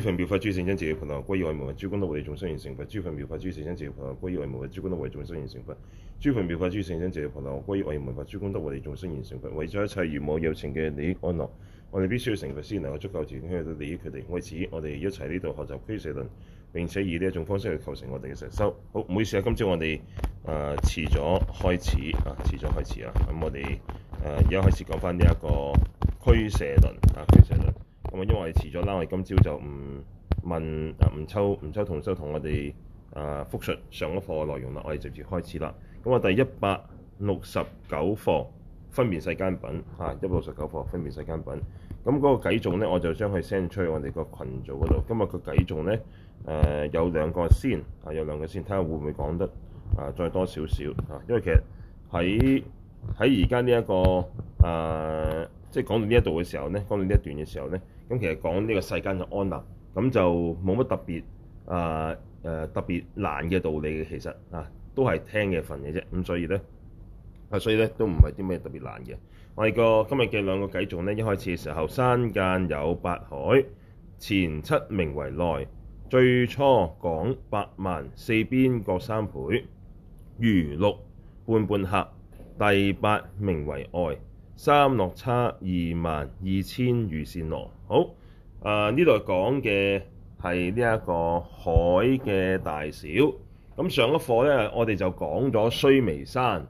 諸佛妙法，諸聖僧，借盤陀歸於外門；諸功德為眾生完成佛。諸佛妙法，諸聖僧借盤陀歸於外門；諸功德為眾生完成佛。諸佛妙法，諸聖僧借盤陀歸於外門；諸功德為眾生完成佛，諸佛妙法，諸聖僧借盤陀歸於外門，諸功德為眾生完成佛。為咗一切如母有情嘅利益安樂，我哋必須要成佛先能夠足夠自己去到利益佢哋。為此，我哋一齊呢度學習俱舍論，並且以呢一種方式去構成我哋嘅實修。好，唔好意思啊，今朝我哋啊遲咗開始啊，遲咗開始、嗯呃、開始啊。咁我哋誒又開始講翻呢一個俱舍論啊，俱舍論。咁啊，因為遲咗啦，我哋今朝就唔問啊，唔抽唔抽同修同我哋啊復述上一課嘅內容啦，我哋直接開始啦。咁啊，第一百六十九課《分別世間品》嚇，一百六十九課《分別世間品》。咁嗰個偈頌咧，我就將佢 send 出去我哋個群組嗰度。今日個偈頌咧，誒有兩個先，啊有兩個先，睇下會唔會講得啊再多少少嚇，因為其實喺喺而家呢一個誒、呃，即係講到呢一度嘅時候咧，講到呢一段嘅時候咧。咁其實講呢個世間嘅安樂，咁就冇乜特別啊誒、呃呃、特別難嘅道理嘅，其實啊都係聽嘅份嘅啫。咁所以咧啊，所以咧都唔係啲咩特別難嘅。我哋個今日嘅兩個偈頌咧，一開始嘅時候，山間有八海，前七名為內，最初廣八萬，四邊各三倍，餘六半半陿，第八名為外。三洛叉二萬二千踰繕那。好啊！呢度講嘅係呢一個海嘅大小。咁上一課呢，我哋就講咗須彌山。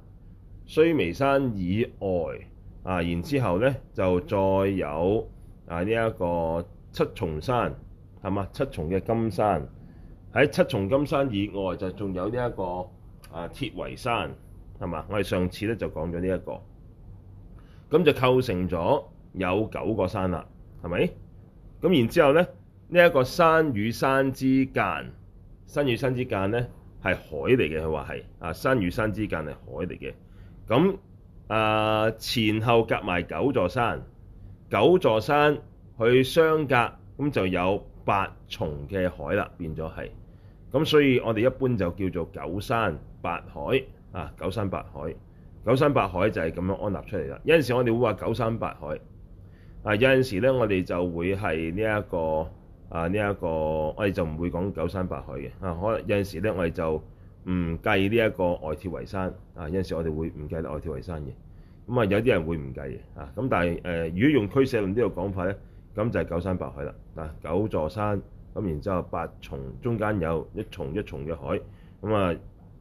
須彌山以外啊，然之後呢，就再有啊呢一、這個七重山，係嘛？七重嘅金山，喺七重金山以外就仲有呢一個啊鐵圍山，係嘛？我哋上次呢，就講咗呢一個。咁就構成咗有九個山啦，係咪？咁然之後呢，呢、這、一個山與山之間，山與山之間呢，係海嚟嘅。佢話係啊，山與山之間係海嚟嘅。咁啊、呃，前後夾埋九座山，九座山去相隔，咁就有八重嘅海啦，變咗係。咁所以我哋一般就叫做九山八海啊，九山八海。九山八海就係咁樣安納出嚟啦。有陣時我哋會話九山八海，啊有陣時咧我哋就會係呢一個啊，呢一個，我哋就唔會講九山八海嘅啊。可能有陣時咧我哋就唔計呢一個外鐵圍山啊。有陣時我哋會唔計外鐵圍山嘅咁啊。有啲人會唔計嘅嚇。咁但係誒，如果用俱舍論呢個講法咧，咁就係九山八海啦。啊，九座山咁，然之後八重中間有一重一重嘅海，咁啊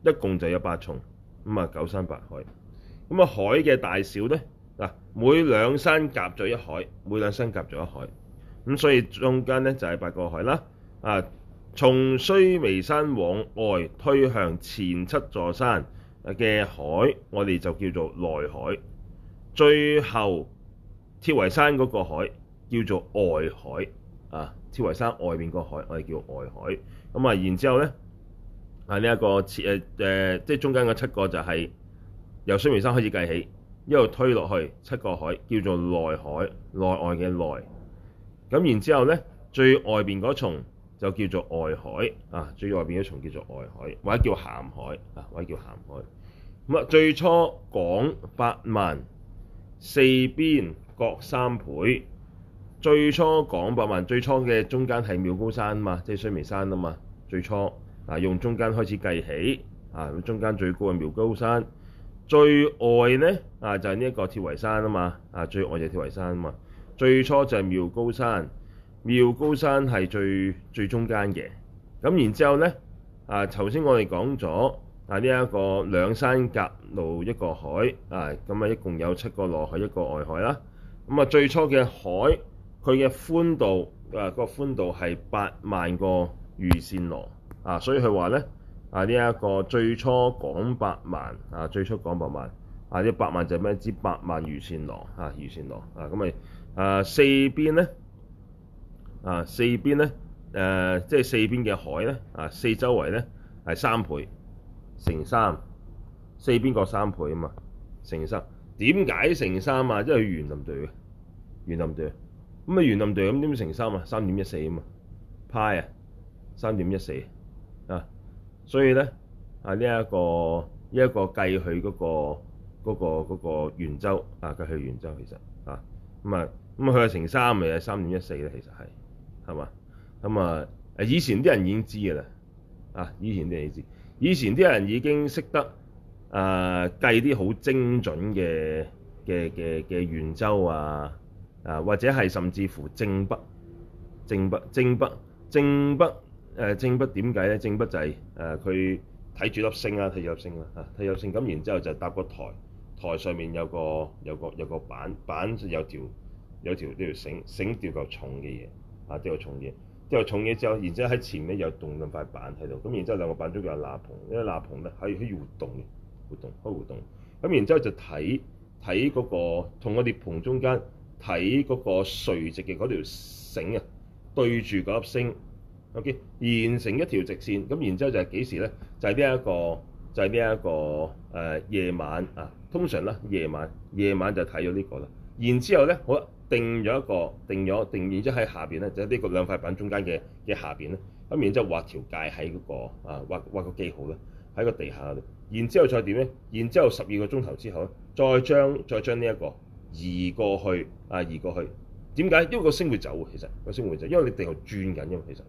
一共就有八重，咁啊九山八海。咁啊海嘅大小咧，嗱，每兩山夾咗一海，每兩山夾咗一海，咁所以中間咧就係、是、八個海啦。啊，從須彌山往外推向前七座山嘅海，我哋就叫做內海。最後，鐵圍山嗰個海叫做外海。啊，鐵圍山外面個海，我哋叫外海。咁啊，然之後咧啊，呢一個切誒誒，即係中間嗰七個就係、是。由須彌山開始計起，一路推落去七個海，叫做內海，內外嘅內。咁然之後呢，最外邊嗰重就叫做外海啊，最外邊嗰重叫做外海，或者叫鹹海啊，或者叫鹹海。咁啊，最初廣八萬，四邊各三倍，最初廣八萬，最初嘅中間係妙高山啊嘛，即係須彌山啊嘛。最初啊，用中間開始計起啊，中間最高係妙高山。最外咧啊，就係呢一個鐵圍山啊嘛，啊最外就係鐵圍山啊嘛。最初就係妙高山，妙高山係最最中間嘅。咁然之後咧啊，頭先我哋講咗啊呢一個兩山隔路一個海啊，咁啊一共有七個內海一個外海啦。咁啊最初嘅海，佢嘅寬度啊，個寬度係八萬個踰繕那啊，所以佢話咧。啊！呢一個最初講八萬，啊最初講八萬，啊八萬就係咩之八萬踰繕那。啊踰繕那啊咁咪、啊、四邊咧，啊四邊咧、啊，即四邊嘅海咧，啊四周圍咧係三倍，乘三，四邊各三倍啊嘛，乘三，點解乘三啊？因為圓錘度嘅圓林度，咁啊圓林度咁點成乘三啊？三點一四啊嘛，派啊，三點一四。所以咧啊呢一個呢一個計佢嗰個嗰個嗰個圓周啊嘅佢圓周其實啊咁啊咁啊佢係成三咪，三點一四咧其實係係嘛咁啊誒以前啲人已經知㗎啦啊以前啲人已知，以前啲人已經識得誒計啲好精準嘅嘅嘅嘅圓周啊啊或者係甚至乎正北、正北、正北。正北誒正不點解咧？正不、就、誒、係，佢睇住粒星啦，睇住粒星啦嚇，睇住粒星。咁然之後就搭個台，台上面有個有個有個板，板有條,條,條有條呢條繩，繩吊嚿重嘅嘢啊，吊嚿重嘢，吊嚿重嘢之後，然之後喺前面又棟兩塊板喺度。咁然之後兩個板中有羅盤，因為羅盤咧可以可以活動嘅活動，可以活動。咁然之後就睇睇嗰個同個羅盤中間睇嗰個垂直嘅嗰條繩啊，對住嗰粒星。O.K. 完成一條直線，咁然之後就係幾時咧？就係呢一個，就係呢一個誒、呃、夜晚啊。通常咧夜晚，夜晚就睇咗呢個啦。然之後咧，好定咗一個，定咗定，然之後喺下邊咧，就喺、是、呢個兩塊板中間嘅嘅下邊咧。咁然之後畫條界喺嗰個啊，畫畫個記號咧喺個地下度。然後呢，然後之後再點咧？然之後十二個鐘頭之後咧，再將再將呢一個移過去啊，移過去。點解？因為個星會走，其實個星會走，因為你地球轉緊嘅嘛，其實。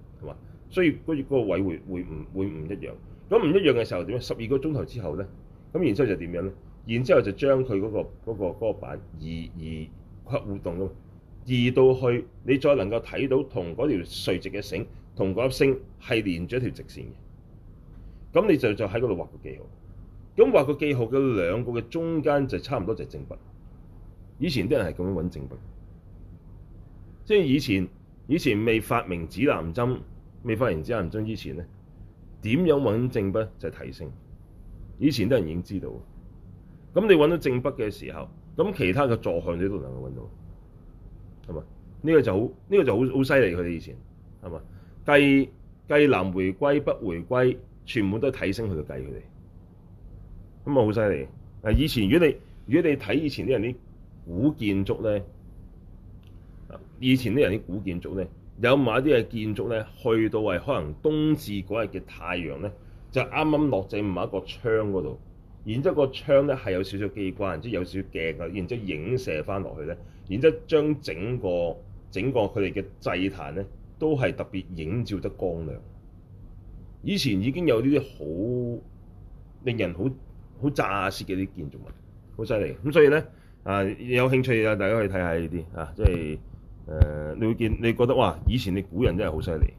所以嗰個位置會會唔會唔一樣？咁唔一樣嘅時候點咧？十二個鐘頭之後咧，咁然之後就點樣咧？然之後就將佢嗰個嗰個嗰個板移移屈互動咯，移到去你再能夠睇到同嗰條垂直嘅繩同嗰粒星係連住一條直線嘅，咁你就就喺嗰度畫個記號。咁畫個記號嘅兩個嘅中間就差唔多就係正北。以前啲人係咁樣揾正北，即係以前以前未發明指南針。未發現指南針之前咧，點樣揾正北就係提升。以前啲人已經知道，咁你揾到正北嘅時候，咁其他嘅坐向你都能夠揾到，係嘛？呢、這個就好，呢、這個就好好犀利。佢哋以前係嘛？計計南迴歸北迴歸，全部都係提升佢嘅計，佢哋。咁啊，好犀利！啊，以前如果你如果你睇以前啲人啲古建築咧，啊，以前啲人啲古建築咧。有埋一啲嘅建築咧，去到係可能冬至嗰日嘅太陽咧，就啱啱落正某一個窗嗰度，然之後個窗咧係有少少機關，即係有少少鏡啊，然之後影射翻落去咧，然之後將整個整個佢哋嘅祭壇咧，都係特別影照得光亮。以前已經有呢啲好令人好好咋舌嘅啲建築物，好犀利嘅。咁所以咧，啊、呃、有興趣嘅大家可以睇下呢啲啊，即係。誒、呃，你會見，你覺得哇，以前你古人真係好犀利。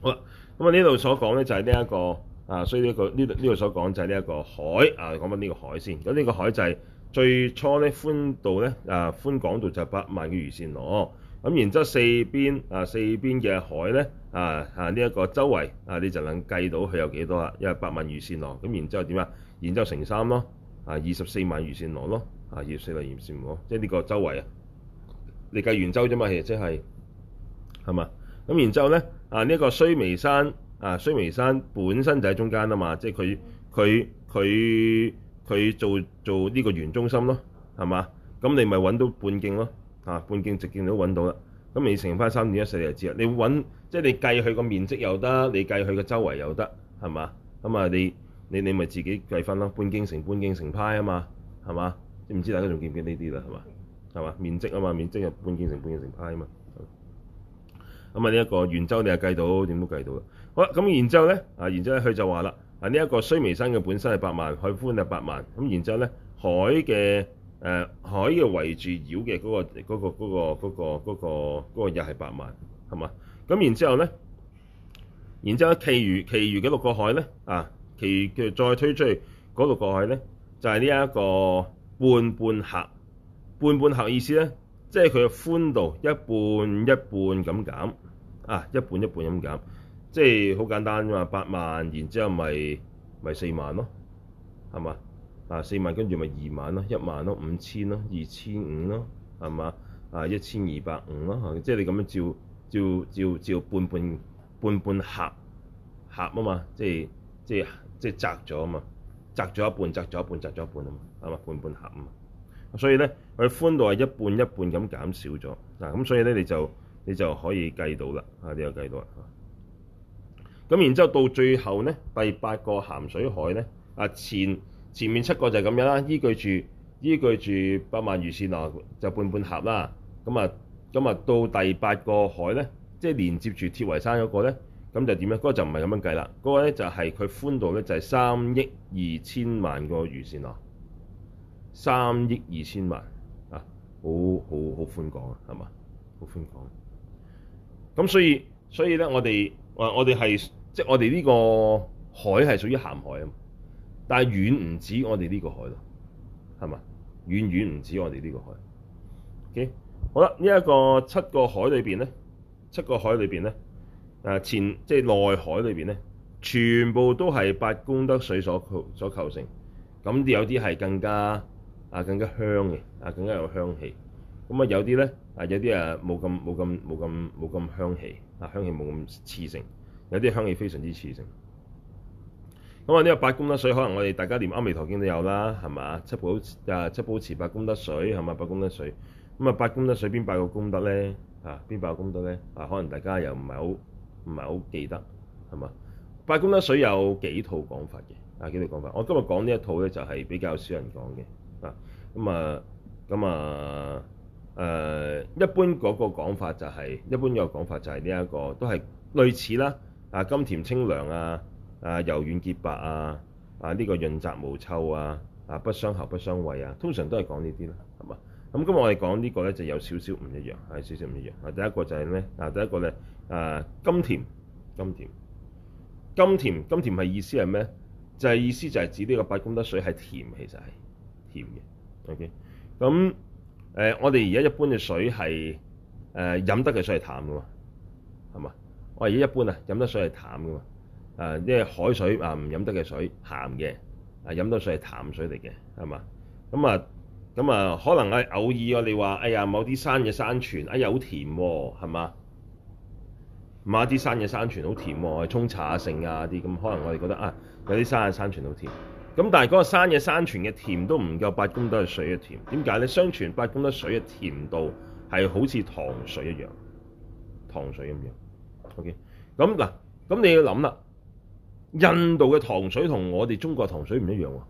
好啦，咁啊呢度所講咧就係呢一個啊，所以呢、這、一個呢度呢度所講就係呢一個海啊，講返呢個海先，咁、這、呢個海就係最初咧寬度咧啊，寬廣度就係八萬條踰繕那。咁、啊、然之後四邊啊四邊嘅海咧啊啊呢一、這個周圍啊你就能計到佢有幾多啦，因為八萬踰繕那。咁然之後點啊？然之後乘三咯，啊二十四萬踰繕那咯，啊二十四萬踰繕那、啊啊啊啊，即係呢個周圍啊。你計圓周啫嘛，其實即係係嘛，咁然之後咧啊呢一個須彌山啊須彌山本身就喺中間啊嘛，即係佢佢佢佢做做呢個圓中心咯，係嘛？咁你咪揾到半徑咯，啊半徑直徑都揾到啦，咁你乘翻三點一四就知啦。你揾即係你計佢個面積又得，你計佢個周圍又得，係嘛？咁啊你你你咪自己計返咯，半徑乘半徑乘派啊嘛，係嘛？唔知大家仲記唔記呢啲啦，係嘛？係嘛？面積啊嘛，面積又半徑乘半徑乘派啊嘛。咁、嗯、啊，呢一個圓周你又計到，點都計到啦。好啦，咁然之後咧，啊，然之後咧佢就話啦，啊，呢一個須彌山嘅本身係八萬，海寬係八萬。咁然之後咧，海嘅誒、呃、海嘅圍住繞嘅嗰、那個嗰、那個嗰、那個嗰、那個嗰、那個又係八萬，係嘛？咁然之後咧，然之後,呢然後,呢然後其，其餘其餘嘅六個海咧，啊，其餘佢再推出去嗰六個海咧，就係呢一個半半陿。半半陿意思咧，即係佢嘅寬度一半一半咁減啊，一半一半咁減，即係好簡單啫嘛，八萬，然之後咪咪四萬咯，係嘛？啊，四萬跟住咪二萬咯，一萬咯，五千咯，二千五咯，係嘛？啊，一千二百五咯，即係你咁樣照照照照，照半半半半陿陿啊嘛，即係即係即係窄咗啊嘛，窄咗一半，窄咗一半，窄咗一半啊嘛，係嘛？半半陿啊嘛。所以咧，佢寬度係一半一半咁減少咗，嗱咁所以咧，你就你就可以計到啦，啊，你又計到啦。咁然之後到最後咧，第八個鹹水海咧，啊前前面七個就係咁樣啦，依據住依據住八萬踰繕那就半半陿啦。咁啊咁啊，到第八個海咧，即係連接住鐵圍山嗰個咧，咁就點樣？嗰個就唔係咁樣計啦，嗰個咧就係佢寬度咧就係三億二千萬個踰繕那。三億二千萬啊，好好好寬廣啊，係嘛？好寬廣。咁所以所以咧，我哋、就是、我我哋係即係我哋呢個海係屬於鹹海啊，但係遠唔止我哋呢個海咯，係嘛？遠遠唔止我哋呢個海。OK，好啦，呢、這、一個七個海裏邊咧，七個海裏邊咧，誒前即係、就是、內海裏邊咧，全部都係八功德水所構所構成，咁有啲係更加。啊，更加香嘅，啊更加有香氣。咁啊，有啲咧、啊，啊有啲啊冇咁冇咁冇咁冇咁香氣，啊香氣冇咁刺性。有啲香氣非常之刺性。咁啊，呢個八功德水可能我哋大家連阿彌陀經都有啦，係嘛？七寶啊，七寶池八功德水係嘛？八功德水咁啊，八功德水邊八個功德咧？啊，邊八個功德咧？啊，可能大家又唔係好唔係好記得係嘛？八功德水有幾套講法嘅，啊幾套講法。我今日講呢一套咧，就係比較少人講嘅。啊，咁啊，咁啊，誒、啊，一般嗰個講法就係、是，一般個講法就係呢一個都係類似啦。啊，甘甜清涼啊，啊柔軟潔白啊，啊呢、這個潤澤無臭啊，啊不傷喉不傷胃啊，通常都係講呢啲啦，係嘛？咁今日我哋講呢個咧，就有少少唔一樣，係少少唔一樣。啊，第一個就係咩？嗱，第一個咧，啊，甘甜，甘甜，甘甜，甘甜，係意思係咩？就係、是、意思就係指呢個八功德水係甜，其實係。甜嘅，OK，咁誒、呃，我哋而家一般嘅水係誒、呃、飲得嘅水係淡嘅喎，係嘛？我而家一般啊，飲得水係淡嘅嘛、呃，因為海水啊唔、呃、飲得嘅水鹹嘅，誒、呃、飲得水係淡水嚟嘅，係嘛？咁啊咁啊，可能啊偶爾我哋話，哎呀，某啲山嘅山泉，哎有甜喎，係嘛？某啲山嘅山泉好甜喎，去沖茶啊盛啊啲，咁可能我哋覺得啊，有啲山嘅山泉好甜。咁但係嗰個山野山泉嘅甜都唔夠八功德嘅水嘅甜，點解咧？相傳八功德水嘅甜度係好似糖水一樣，糖水咁樣。OK，咁嗱，咁你要諗啦，印度嘅糖水同我哋中國糖水唔一樣喎，啊，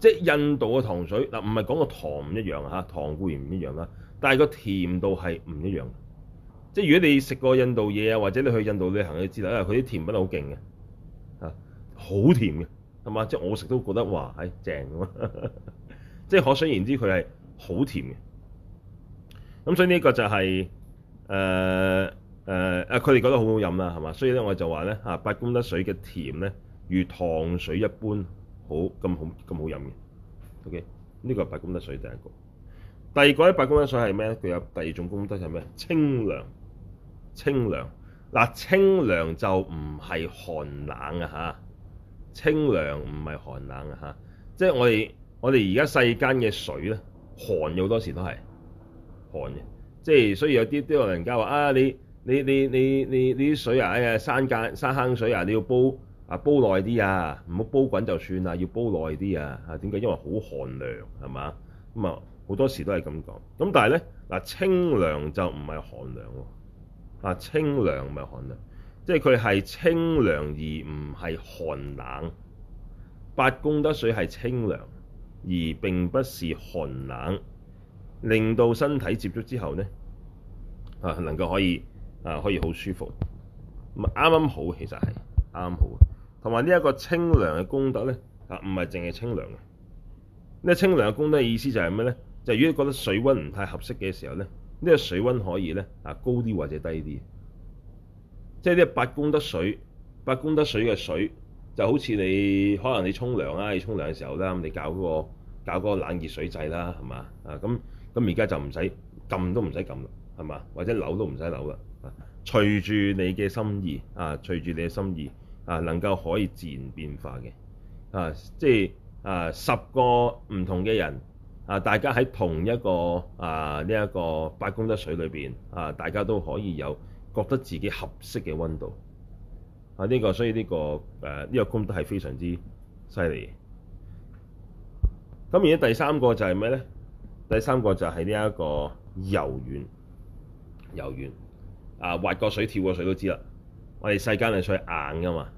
即係印度嘅糖水嗱，唔係講個糖唔一樣，糖固然唔一樣啦，但係個甜度係唔一樣。即係如果你食過印度嘢啊，或者你去印度旅行，你知啦，因為佢啲甜品好勁嘅，好甜嘅。係嘛？即係我食都覺得哇，誒、哎、正咁，即係可想而知，佢係好甜嘅。咁所以呢個就係誒誒啊！佢哋覺得好好飲啦，係嘛？所以咧，我就話咧嚇，八功德水嘅甜咧，如糖水一般好咁好咁好飲嘅。OK，呢個八功德水第一個。第二個咧，八功德水係咩咧？佢有第二種功德係咩？清涼，清涼嗱，清涼就唔係寒冷啊！嚇～清涼唔係寒冷啊！嚇，即係我哋我哋而家世間嘅水咧，寒好多時都係寒嘅，即係所以有啲都有人家話啊，你你你你你啲水啊，哎呀山間山坑水啊，你要煲啊煲耐啲啊，唔好煲滾就算啦，要煲耐啲啊，嚇，點解？因為好寒涼係嘛？咁啊好多時都係咁講，咁但係咧嗱清涼就唔係寒涼喎，啊清涼唔係寒涼。即係佢係清涼而唔係寒冷，八功德水係清涼而並不是寒冷，令到身體接觸之後咧，啊，能夠可以啊可以好舒服，啱啱好其實係啱啱好，同埋呢一個清涼嘅功德咧啊，唔係淨係清涼嘅，呢清涼嘅功德意思就係咩咧？就係如果你覺得水溫唔太合適嘅時候咧，呢個水溫可以咧啊高啲或者低啲。即係呢八功德水，八功德水嘅水就好似你可能你沖涼啦，你沖涼嘅時候啦，咁你搞個個搞個冷熱水掣啦，係嘛啊？咁咁而家就唔使撳都唔使撳啦，係嘛？或者扭都唔使扭啦。啊隨住你嘅心意啊，隨住你嘅心意啊，能夠可以自然變化嘅啊，即係啊十個唔同嘅人啊，大家喺同一個啊呢一個八功德水裏面，啊，大家都可以有。覺得自己合適嘅温度，啊呢、這個所以呢、這個誒呢、呃這個功德係非常之犀利。咁而家第三個就係咩咧？第三個就係呢一個柔軟，柔軟啊！滑過水跳過水都知啦。我哋世間嘅水硬噶嘛，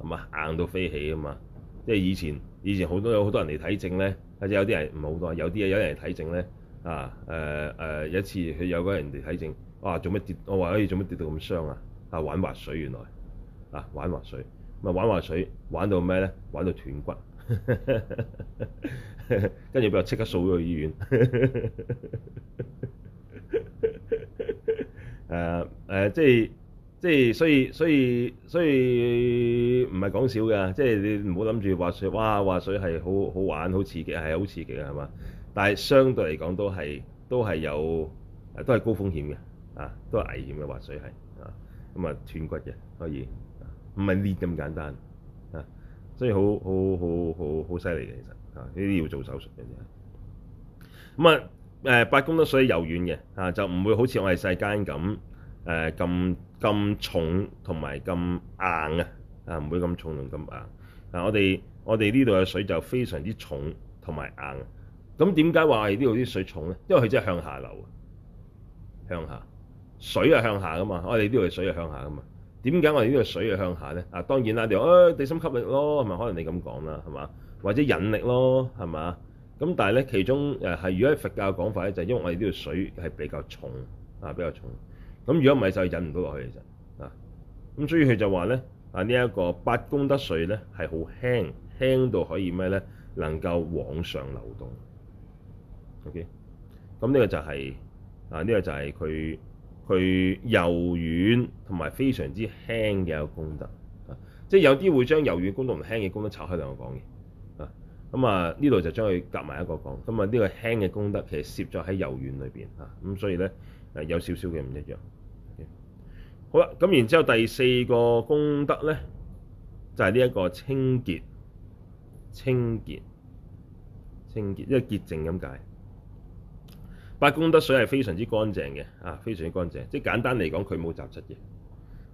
係嘛硬到飛起噶嘛。即係以前以前好多有好多人嚟睇症咧，或者有啲人唔係好多，有啲、啊呃呃、有啲人嚟睇症咧啊誒誒有一次佢有個人嚟睇症。哇、啊！做咩跌？我話可以做咩跌到咁傷啊？啊玩滑水原來啊玩滑水咁啊，玩滑水，玩，滑水玩到咩咧？玩到斷骨，跟住俾我即刻掃咗去醫院。誒 誒、啊呃，即係即係，所以所以所以唔係講少㗎，即係你唔好諗住滑水。哇！滑水係好好玩，好刺激，係好刺激嘅係嘛？但係相對嚟講都係都係有都係高風險嘅。是的是啊，都係危險嘅滑水係，啊咁啊斷骨嘅可以，唔係裂咁簡單，啊所以好好好好好犀利嘅其實，啊呢啲要做手術嘅啫。咁啊誒八、嗯啊、功德水柔軟嘅，啊就唔會好似我哋世間咁誒咁咁重同埋咁硬嘅，啊唔會咁重同咁硬。啊，不會這麼重這麼硬啊我哋我哋呢度嘅水就非常之重同埋硬。咁點解話係呢度啲水重咧？因為佢真係向下流，向下。水係向下噶嘛？我哋呢度水係向下噶嘛？點解我哋呢度水係向下咧？啊，當然啦、哎，地心吸力咯，係咪？可能你咁講啦，係嘛？或者引力咯，係嘛？咁但係咧，其中係、啊、如果喺佛教嘅講法咧，就係、因為我哋呢度水係比較重啊，比較重。咁如果唔係就引唔到落去嘅啫啊。咁所以佢就話咧啊，呢、呢、一個八功德水咧係好輕輕到可以咩咧？能夠往上流動。OK，咁呢個就係、係、啊，呢、呢個就係佢，佢柔軟同埋非常之輕嘅一個功德，即係有啲會將柔軟功德同輕嘅功德拆開兩個講嘅，啊，咁啊呢度就將佢夾埋一個講，咁啊呢、啊這個輕嘅功德其實攝咗喺柔軟裏面，咁、啊、所以咧、啊、有少少嘅唔一樣。啊、好啦，咁、啊、然之後第四個功德咧就係呢一個清潔、清潔、清潔，呢個潔淨咁解。八功德水係非常之乾淨嘅，啊，非常之乾淨。即係簡單嚟講，佢冇雜質嘅。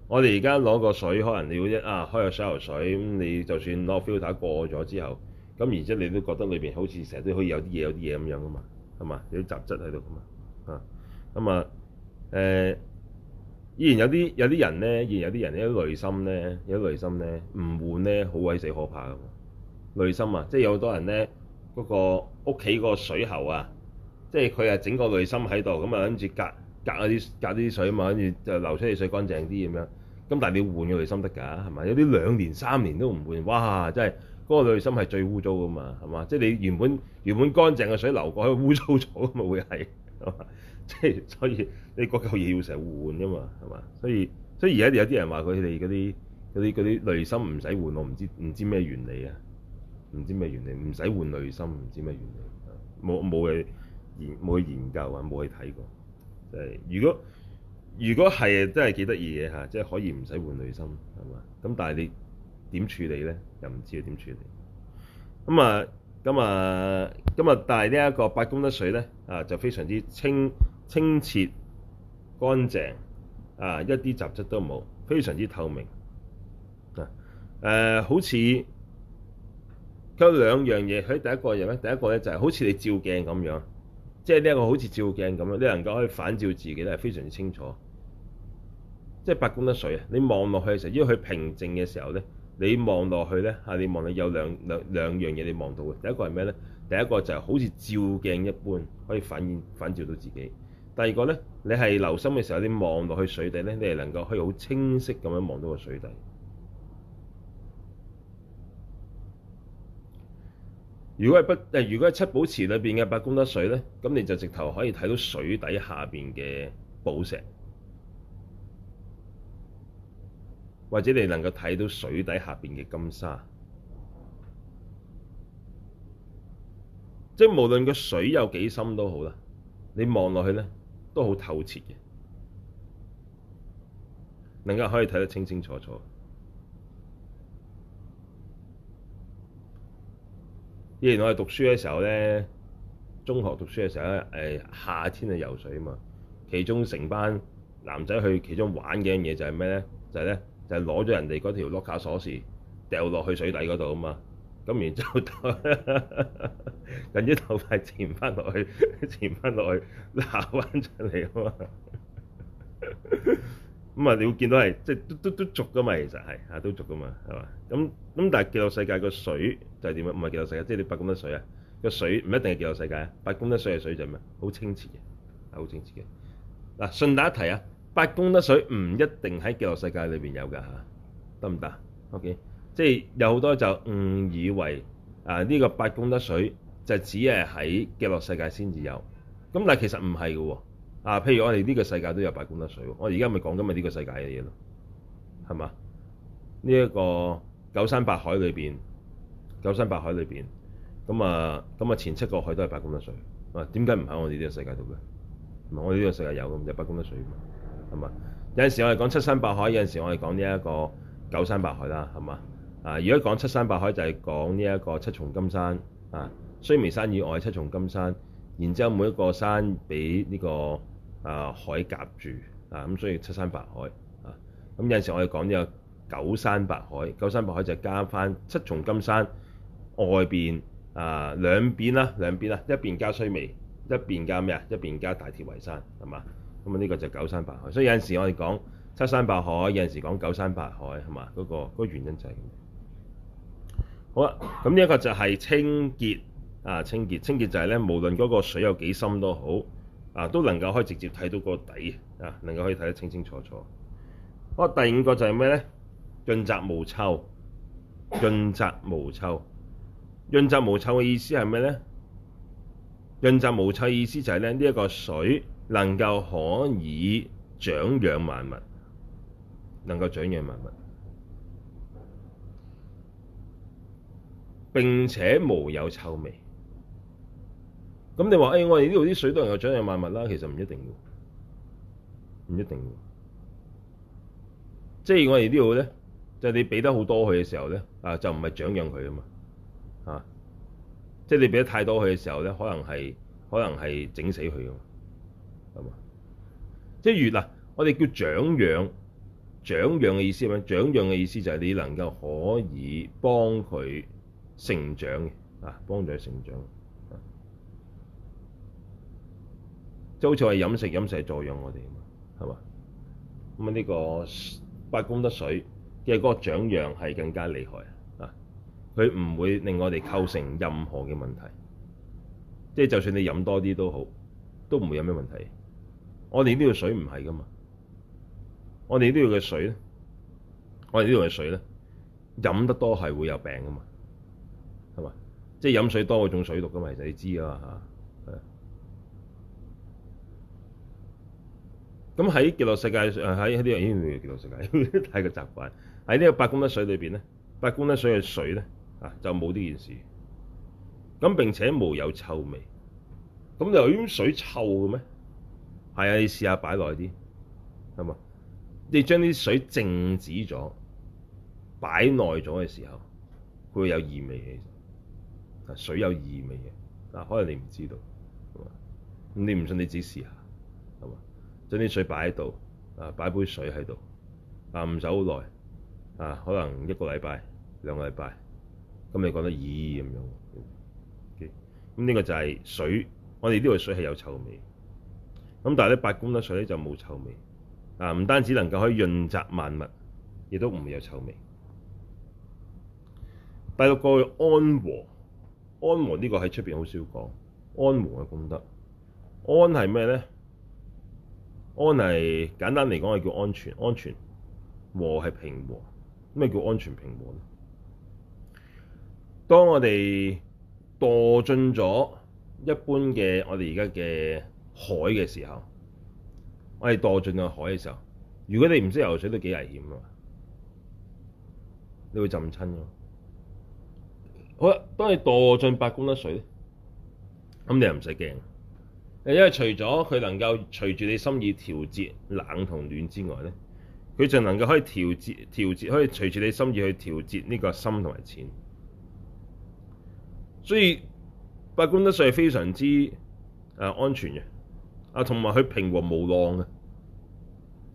我哋而家攞個水可能你要一啊，開個水喉水，咁你就算攞 filter 過咗之後，咁然之後你都覺得裏面好似成日都可以有啲嘢，有啲嘢咁樣噶嘛，係嘛？有啲雜質喺度噶嘛，啊，咁啊、呃，依然有啲有啲人咧，依然有啲人有啲內心咧，有啲內心咧唔換咧，好鬼死可怕噶。內心啊，即係有好多人咧，嗰個屋企個水喉啊。即係佢係整個濾芯喺度，咁啊跟住隔隔啲隔啲水啊嘛，跟住就流出嚟水乾淨啲咁樣。咁但係你要換個濾芯得㗎，係咪？有啲兩年三年都唔換，哇！真係嗰個濾芯係最污糟㗎嘛，係嘛？即係你原本原本乾淨嘅水流過去污糟咗，咪會係，即係所以你嗰嚿嘢要成日換㗎嘛，係嘛？所以你那東西要的是所以而家有啲人話佢哋嗰啲嗰啲啲濾芯唔使換，我唔知唔知咩原理啊，唔知咩原理唔使換濾芯，唔知咩原理，冇冇嘢。不冇去研究或者冇去睇過，誒？即係如果如果係，真係幾得意嘅嚇，即係可以唔使換濾芯。係嘛？咁但係你點處理咧？又唔知佢點處理。咁啊，咁啊，咁啊，但係呢一個八功德水咧，啊，就非常之清清澈、乾淨，啊，一啲雜質都冇，非常之透明。啊誒、呃，好似佢兩樣嘢，佢第一個嘢咧，第一個咧就係好似你照鏡咁樣。即係呢一個好似照鏡咁樣，你能夠可以反照自己咧，係非常之清楚。即係八功德水啊，你望落去嘅時候，因為佢平靜嘅時候咧，你望落去咧，你望到有兩兩兩樣嘢你望到嘅，第一個係咩咧？第一個就係好似照鏡一般，可以反反照到自己。第二個咧，你係留心嘅時候，你望落去水底咧，你係能夠可以好清晰咁樣望到個水底。如果係不，誒，如果係七寶池裏邊嘅八功德水咧，咁你就直頭可以睇到水底下邊嘅寶石，或者你能夠睇到水底下邊嘅金沙，即係無論個水有幾深都好啦，你望落去咧都好透徹嘅，能夠可以睇得清清楚楚。因以前我哋讀書嘅時候咧，中學讀書嘅時候咧，誒夏天去游水啊嘛，其中成班男仔去其中玩嘅樣嘢就係咩咧？就係咧，就係攞咗人哋嗰條碌卡鎖匙掉落去水底嗰度啊嘛，咁然之後就，引啲頭髮潛翻落去，潛翻落去，撈翻出嚟啊嘛。 咁啊，你會見到係即係都都都足噶嘛，其實係啊，都足噶嘛，係嘛？咁咁但係極樂世界個水就係點啊？唔係極樂世界，即係你八功德水啊，個水唔一定係極樂世界啊。八功德水嘅水就係咩？好清澈嘅，係好清澈嘅。嗱，順帶一提啊，八功德水唔一定喺極樂世界裏邊有㗎嚇，得唔得？OK，即係有好多就誤以為啊呢個八功德水就只係喺極樂世界先至有，咁但係其實唔係㗎喎。啊，譬如我哋呢個世界都有八功德水喎，我而家咪講緊咪呢個世界嘅嘢咯，係嘛？呢、這、一個九山八海裏面，九山八海裏面，咁啊，咁啊前七個海都係八功德水，啊，點解唔喺我哋呢個世界度嘅？唔係我哋呢個世界有咁嘅八功德水，係嘛？有陣時我哋講七山八海，有陣時我哋講呢一個九山八海啦，係嘛？啊，如果講七山八海就係講呢一個七重金山啊，須彌山以外七重金山，然之後每一個山俾呢、這個。啊，海夾住啊，咁所以七山八海啊，咁有陣時我哋講呢個九山八海，九山八海就係加翻七重金山外邊啊兩邊啦，兩邊啦，一邊加須彌，一邊加咩啊？一邊加大鐵圍山，係嘛？咁啊呢個就九山八海，所以有陣時我哋講七山八海，有陣時講九山八海，係嘛？嗰個嗰個原因就係咁。好啦，咁呢一個就係清潔啊，清潔，清潔就係咧，無論嗰個水有幾深都好。啊，都能夠可以直接睇到嗰個底啊，能夠可以睇得清清楚楚。好，第五個就係咩呢？潤澤無臭，潤澤無臭。潤澤無臭嘅意思係咩呢？潤澤無臭意思就係呢呢一個水能夠可以長養萬物，能夠長養萬物，並且無有臭味。咁你話誒、欸，我哋呢度啲水都能夠長養萬物啦，其實唔一定要，唔一定要。即係我哋呢度咧，就係、是、你俾得好多佢嘅時候咧，啊就唔係長養佢啊嘛，嚇！即係你俾得太多佢嘅時候咧，可能係可能係整死佢啊嘛，係嘛？即係如嗱，我哋叫長養，長養嘅意思係咪？長養嘅意思就係你能夠可以幫佢成長嘅，啊，幫助佢成長。即係好似係飲食飲食作用我哋啊嘛，係嘛？咁啊呢個八功德水嘅嗰個長養係更加厲害啊！佢唔會令我哋構成任何嘅問題，即係就算你飲多啲都好，都唔會有咩問題。我哋呢度水唔係噶嘛，我哋呢度嘅水咧，我哋呢度嘅水咧，飲得多係會有病噶嘛，係嘛？即係飲水多會中水毒噶嘛，其實你知啊嘛嚇咁喺極樂世界，誒喺啲人，咦、呢個？極樂世界太個習慣。喺呢個八功德水裏邊咧，八功德水嘅水咧，啊就冇呢件事。咁並且無有臭味。咁你有啲水臭嘅咩？係啊，你試下擺耐啲，係嘛？你將啲水靜止咗，擺耐咗嘅時候，佢會有異味嘅。水有異味嘅，嗱，可能你唔知道，係你唔信你自己嘗嘗，你只試下。將啲水擺喺度，啊，擺杯水喺度，唔使好耐，啊，可能一個禮拜、兩個禮拜，咁你講得咦咁樣？咁、OK? 呢個就係水。我哋呢度水係有，有臭味，咁但係咧八功德水咧就冇臭味。啊，唔單止能夠可以潤澤萬物，亦都唔會有臭味。第六個安和，安和呢個喺出邊好少講，安和嘅功德。安係咩咧？安和簡單嚟講係叫安全，安全和係平和，咩叫安全平和？當我哋墮進咗一般嘅我哋而家嘅海嘅時候，我哋墮進咗海嘅時候，如果你唔識游水都幾危險啊！你會浸親㗎。好啦，當你墮進八功德水咧，咁你又唔使驚。因為除咗佢能夠隨住你心意調節冷同暖之外咧，佢就能夠可以調節、調節可以隨住你心意去調節呢個深同埋淺，所以八功德水係非常之、啊、安全嘅，啊，同埋佢平和無浪嘅，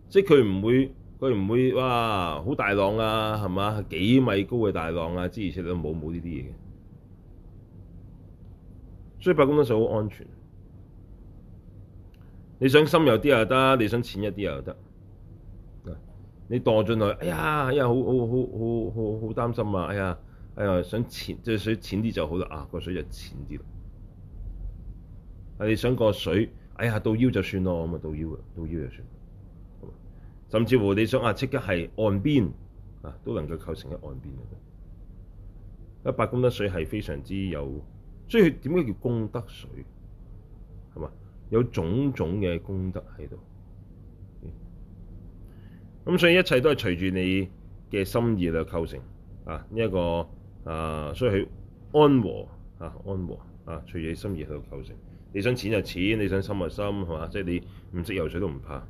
即係佢唔會佢唔會哇好大浪啊，係嘛？幾米高嘅大浪啊之，而且都冇冇呢啲嘢嘅，所以八功德水好安全。你想深有啲又得，你想淺一啲又得。你墮進去，哎呀，因、哎、為好好好好好好，好擔心啊！哎呀，哎呀，想淺即係水淺啲就好啦。啊，個水就淺啲啦。係、啊、你想個水，哎呀，到腰就算咯，咁啊到腰啊，到腰就算。甚至乎你想啊，即刻係岸邊啊，都能夠構成一岸邊啊。一百功德水係非常之有，所以點解叫功德水？有種種嘅功德喺度，咁所以一切都係隨住你嘅心意去構成啊。呢一個啊，所以係安和啊，安和啊，隨住你的心意去構成。你想淺就淺，你想深就深，係嘛？即係你唔識游水都唔怕。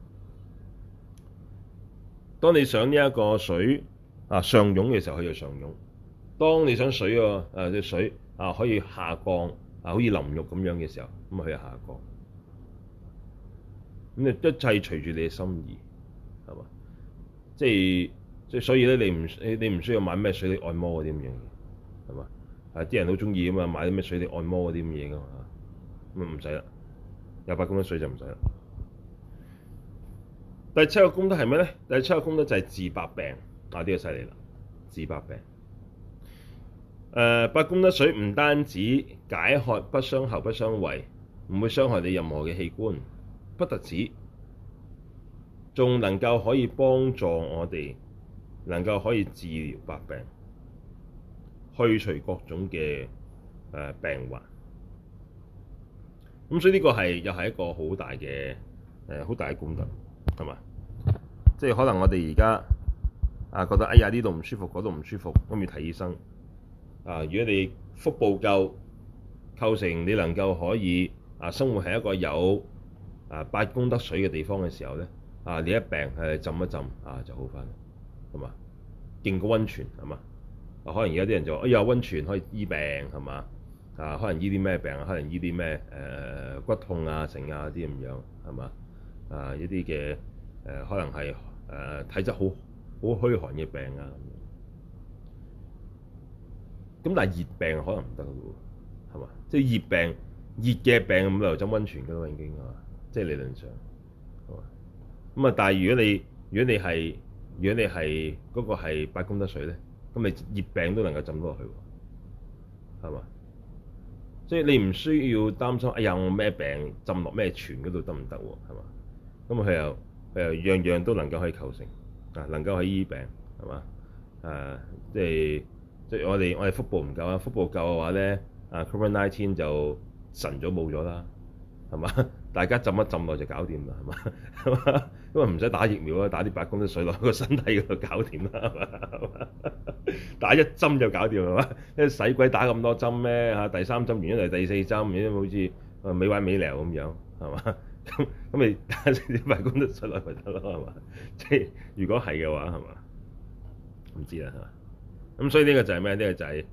當你想呢一個水啊上湧嘅時候，佢就上湧；當你想水啊，誒，啲水啊可以下降啊，好似淋浴咁樣嘅時候，咁佢就下降。咁啊，一切隨住你嘅心意，係嘛？即係，即係，所以咧，你唔你你唔需要買咩水力按摩嗰啲咁樣嘢，係嘛？啊，啲人都中意啊嘛，買啲咩水力按摩嗰啲咁嘢噶嘛，咁啊唔使啦，有八功德水就唔使啦。第七個功德係咩咧？第七個功德就係治百病，啊，呢個犀利啦！治百病，誒、呃，八功德水唔單止解渴，不傷喉，不傷胃，唔會傷害你任何嘅器官。不特止，仲能夠可以幫助我哋，能夠可以治療百病，去除各種嘅、呃、病患。咁所以呢個係又係一個好大嘅好、呃、大嘅功德，係嘛？即係可能我哋而家啊覺得哎呀呢度唔舒服，嗰度唔舒服，咁要睇醫生。啊、呃，如果你腹部夠構成，你能夠可以啊、呃、生活喺一個有啊！八功德水嘅地方嘅時候咧，啊你一病誒、啊、浸一浸啊就好翻，係嘛？勁個溫泉係嘛？可能有啲人就哎有溫泉可以醫病係嘛？啊，可能醫啲咩病啊？可能醫啲咩誒骨痛啊、成啊啲咁樣係嘛？啊，一啲嘅誒可能係誒、呃、體質好好虛寒嘅病啊。咁但係熱病可能唔得㗎喎，係嘛？即係熱病熱嘅病咁，你又浸溫泉㗎啦，已經係即、理論上，咁啊！但係如果你如果你係如果你係嗰個係八功德水咧，咁你熱病都能夠浸落去，係嘛？即係你唔需要擔心。哎呀，我咩病浸落咩泉嗰度得唔得？係嘛？咁佢又佢又樣樣都能夠可以構成啊，能夠去醫病係嘛？誒、啊，即係即係我哋我哋腹部唔夠啊，腹部夠嘅話咧，啊，COVID-19 就神咗冇咗啦，係嘛？大家浸一浸落就搞掂啦，係嘛？係嘛？因為唔使打疫苗啦，打啲八功德水落個身體嗰度搞掂啦，係嘛？ 打一針就搞掂，係嘛？使鬼打咁多針咩？嚇，第三針完咗嚟第四針，你都好似美歪美尾撩咁樣，係嘛？咁咁你打啲八功德水落咪得咯，係嘛？即 係如果係嘅話，係嘛？唔知啦嚇。咁所以呢個就係咩？呢、呢個就係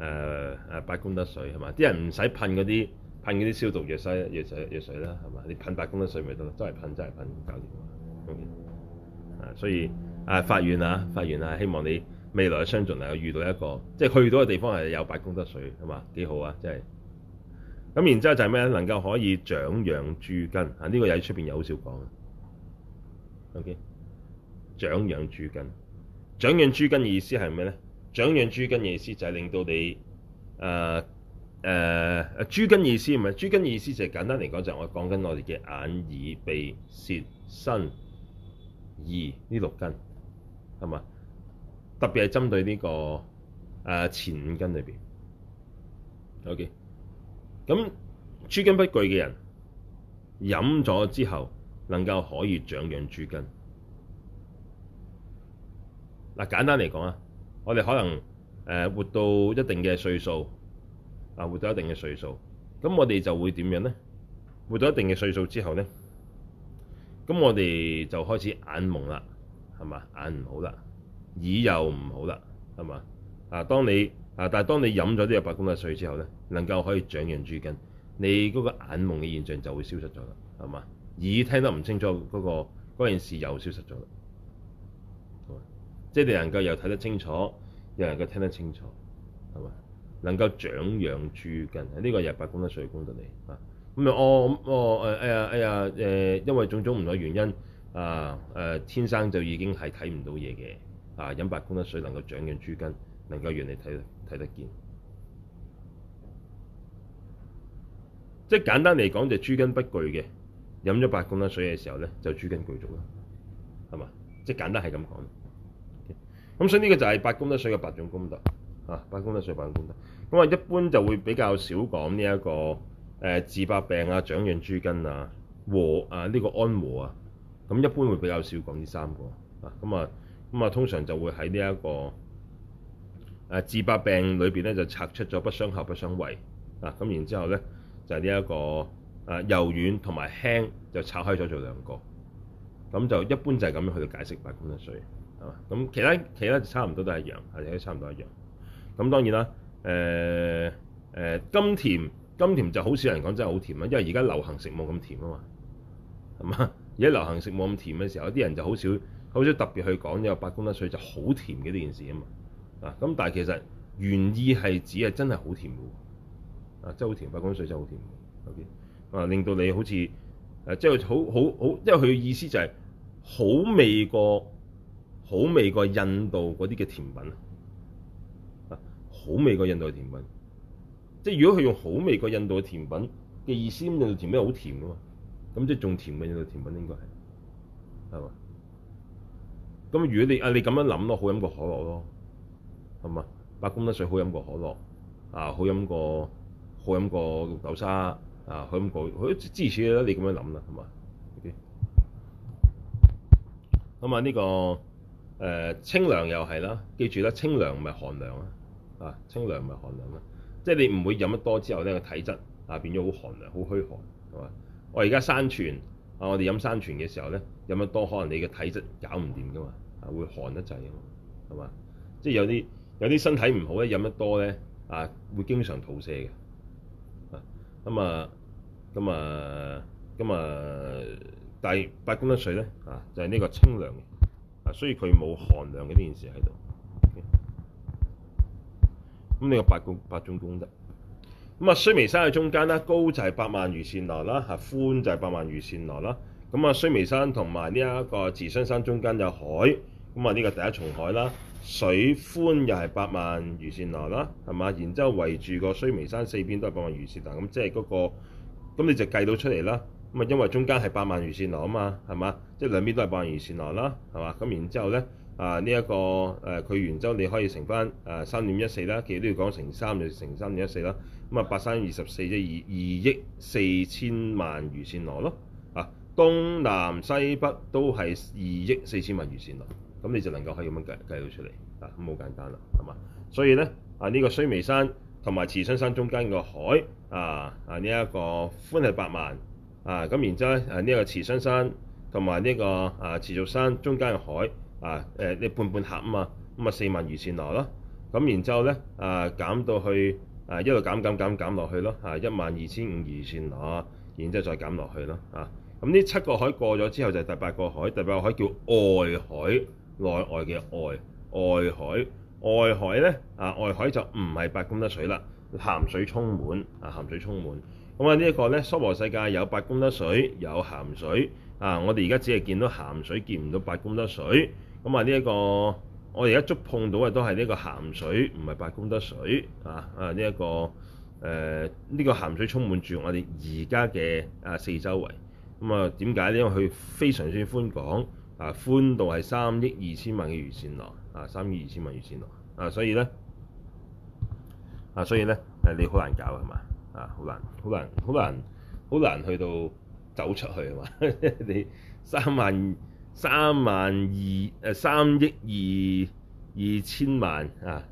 誒誒八功德水，係嘛？啲人唔使噴嗰啲。噴嗰啲消毒藥水、藥水啦，係嘛？你噴八功德水咪得咯，周圍噴，真係噴，搞掂。OK? 啊，所以啊，發願啊，發願啊，希望你未來相續能夠遇到一個，即係去到嘅地方係有八功德水，係嘛？幾好啊，真係。咁然之後就係咩能夠可以長養諸根啊，呢、呢個又喺出面又好少講。O.K. 長養諸根，長養諸根意思係咩咧？長養諸根嘅意思就係令到你啊。呃誒、uh, 諸根意思唔係，諸根意思就係簡單嚟講就係我講緊我哋嘅眼耳鼻舌身意呢六根係嘛，特別係針對呢、呢個、uh, 前五根裏面。OK，咁諸根不具嘅人飲咗之後，能夠可以長養諸根。嗱，簡單嚟講啊，我哋可能、呃、活到一定嘅歲數。啊，活到一定嘅歲數，咁我哋就會點樣咧？活到一定嘅歲數之後咧，咁我哋就開始眼蒙啦，係嘛？眼唔好啦，耳又唔好啦，係嘛？啊，當你啊，但係當你飲咗呢個八功德水之後咧，能夠可以長養諸根，你嗰個眼蒙嘅現象就會消失咗啦，係嘛？耳聽得唔清楚嗰、嗰個嗰件事又消失咗啦，即係你能夠又睇得清楚，又能夠聽得清楚，係嘛？能夠長養諸根，呢個又係八功德水嘅功德嚟嚇。咁啊，哦，哦，誒、哎，誒啊，誒啊，誒，因為種種唔同原因，啊，誒、啊，天生就已經係睇唔到嘢嘅。啊，飲八功德水能夠長養諸根，能夠讓你睇睇得見。即係簡單嚟講、就是，就諸根不具嘅，飲咗八功德水嘅時候咧，就諸根具足啦。係嘛？即係簡單係咁講。咁所以呢個就係八功德水嘅八種功德。啊，八功德水、八功德，咁啊一般就會比較少講呢一個誒治百病啊、長養諸根啊、和啊呢、這個安和啊，咁一般會比較少講呢三個啊，咁啊咁啊通常就會喺、這個呃、呢一個誒治百病裏面咧就拆出咗不相合、不相違啊，咁然之後咧就係呢一個誒、啊、柔軟同埋輕就拆開咗做兩個，咁就一般就係咁樣去到解釋八功德水，嘛、啊？咁其他、其他就差唔多都係一樣差唔多一樣。咁當然啦，誒、呃、誒，甘、呃、甜甘甜就好少人講，真係好甜啊！因為而家流行食冇咁甜啊嘛，係嘛？而家流行食冇咁甜嘅時候，啲人就好少好少特別去講，因為八功德水就好甜嘅呢件事啊嘛，啊咁但係其實原意係指係真係好甜嘅，啊真係好甜，八功德水真係好甜嘅，OK，啊令到你好似誒即係好好好，因為佢嘅意思就係、是、好味過好味過印度嗰啲嘅甜品。好味過印度嘅甜品，即如果佢用好味過印度嘅甜品嘅意思，印度甜品好甜噶嘛？咁即係仲甜過印度甜品，應該係，係嘛？咁如果你啊，你咁樣諗咯，好飲過可樂咯，係嘛？八功德水好飲過可樂，啊好飲過好飲過綠豆沙，啊好飲過，好支持啦！你咁樣諗啦，係嘛？咁，啊呢個誒、呃、清涼又係啦，記住啦，清涼咪寒涼啊！啊，清涼唔係寒涼咩？即係你唔會飲得多之後咧，個體質啊變咗好寒涼、好虛寒，係嘛？我而家山泉啊，我哋飲山泉嘅時候咧，飲得多可能你嘅體質搞唔掂噶嘛，啊會寒得滯啊，係嘛？即係有啲有啲身體唔好咧，飲得多咧啊，會經常吐瀉嘅。啊，咁啊，咁啊，咁啊,啊,啊,啊,啊,啊，但係八功德水咧啊，就係、是、呢個清涼嘅啊，所以佢冇寒涼嘅呢件事喺度。咁你有八,八中公八種功德，咁啊，須彌山嘅中間咧，高就係八萬踰繕那啦，嚇，寬就係八萬踰繕那啦。咁啊，須彌山同埋呢一個持雙山中間有海，咁啊，呢個第一重海啦，水寬又係八萬踰繕那啦，係嘛？然之後圍住個須彌山四邊都係八萬踰繕那，咁即係嗰個，咁你就計到出嚟啦。咁啊，因為中間係八萬踰繕那啊嘛，係嘛？即係兩邊都係八萬踰繕那啦，係嘛？咁然之後咧。啊！呢、這、一個誒，佢圓周你可以乘翻誒三點一四啦，啊、14，其實都要講乘三就乘三點一四啦。咁啊，八三二十四啫，二二億四千萬踰繕那咯。啊，東南西北都係二億四千萬踰繕那。咁你就能夠可以咁樣計計到出嚟啊，咁好簡單啦，係嘛？所以咧啊，呢、這個須彌山同埋持雙山中間個海啊啊，呢一個寬係八萬啊。咁、這個啊、然之後咧，誒呢一個持雙山同埋呢個啊持軸山中間嘅海。啊，你半半合啊嘛，咁、嗯、啊四萬踰繕那落咯，咁然之後咧，啊，減到去，啊，一路減減減減落去咯，一萬二千五踰繕那落，然之後再減落去咯，啊，咁呢七個海過咗之後就第八個海，第八個海叫外海，內外嘅外，外海，外海咧，啊，外海就唔係八功德水啦，鹹水充滿，啊，鹹水充滿，咁啊呢一個咧，娑婆世界有八功德水，有鹹水，啊，我哋而家只係見到鹹水，見唔到八功德水。咁啊、這個！呢一個我哋而家觸碰到嘅都係呢個鹹水，唔係八功德水啊！啊，呢、這、一個誒呢、呃，這個鹹水充滿住我哋而家嘅啊四周圍。咁啊，點解咧？因為佢非常之寬廣啊，寬度係三億二千萬嘅踰繕那啊，三億二千萬踰繕那啊，所以咧啊，所以咧誒，你好難搞係嘛？啊，好難，好難，好難，好難去到走出去係嘛？ 你三萬。三萬二誒、呃、三億二二千萬啊，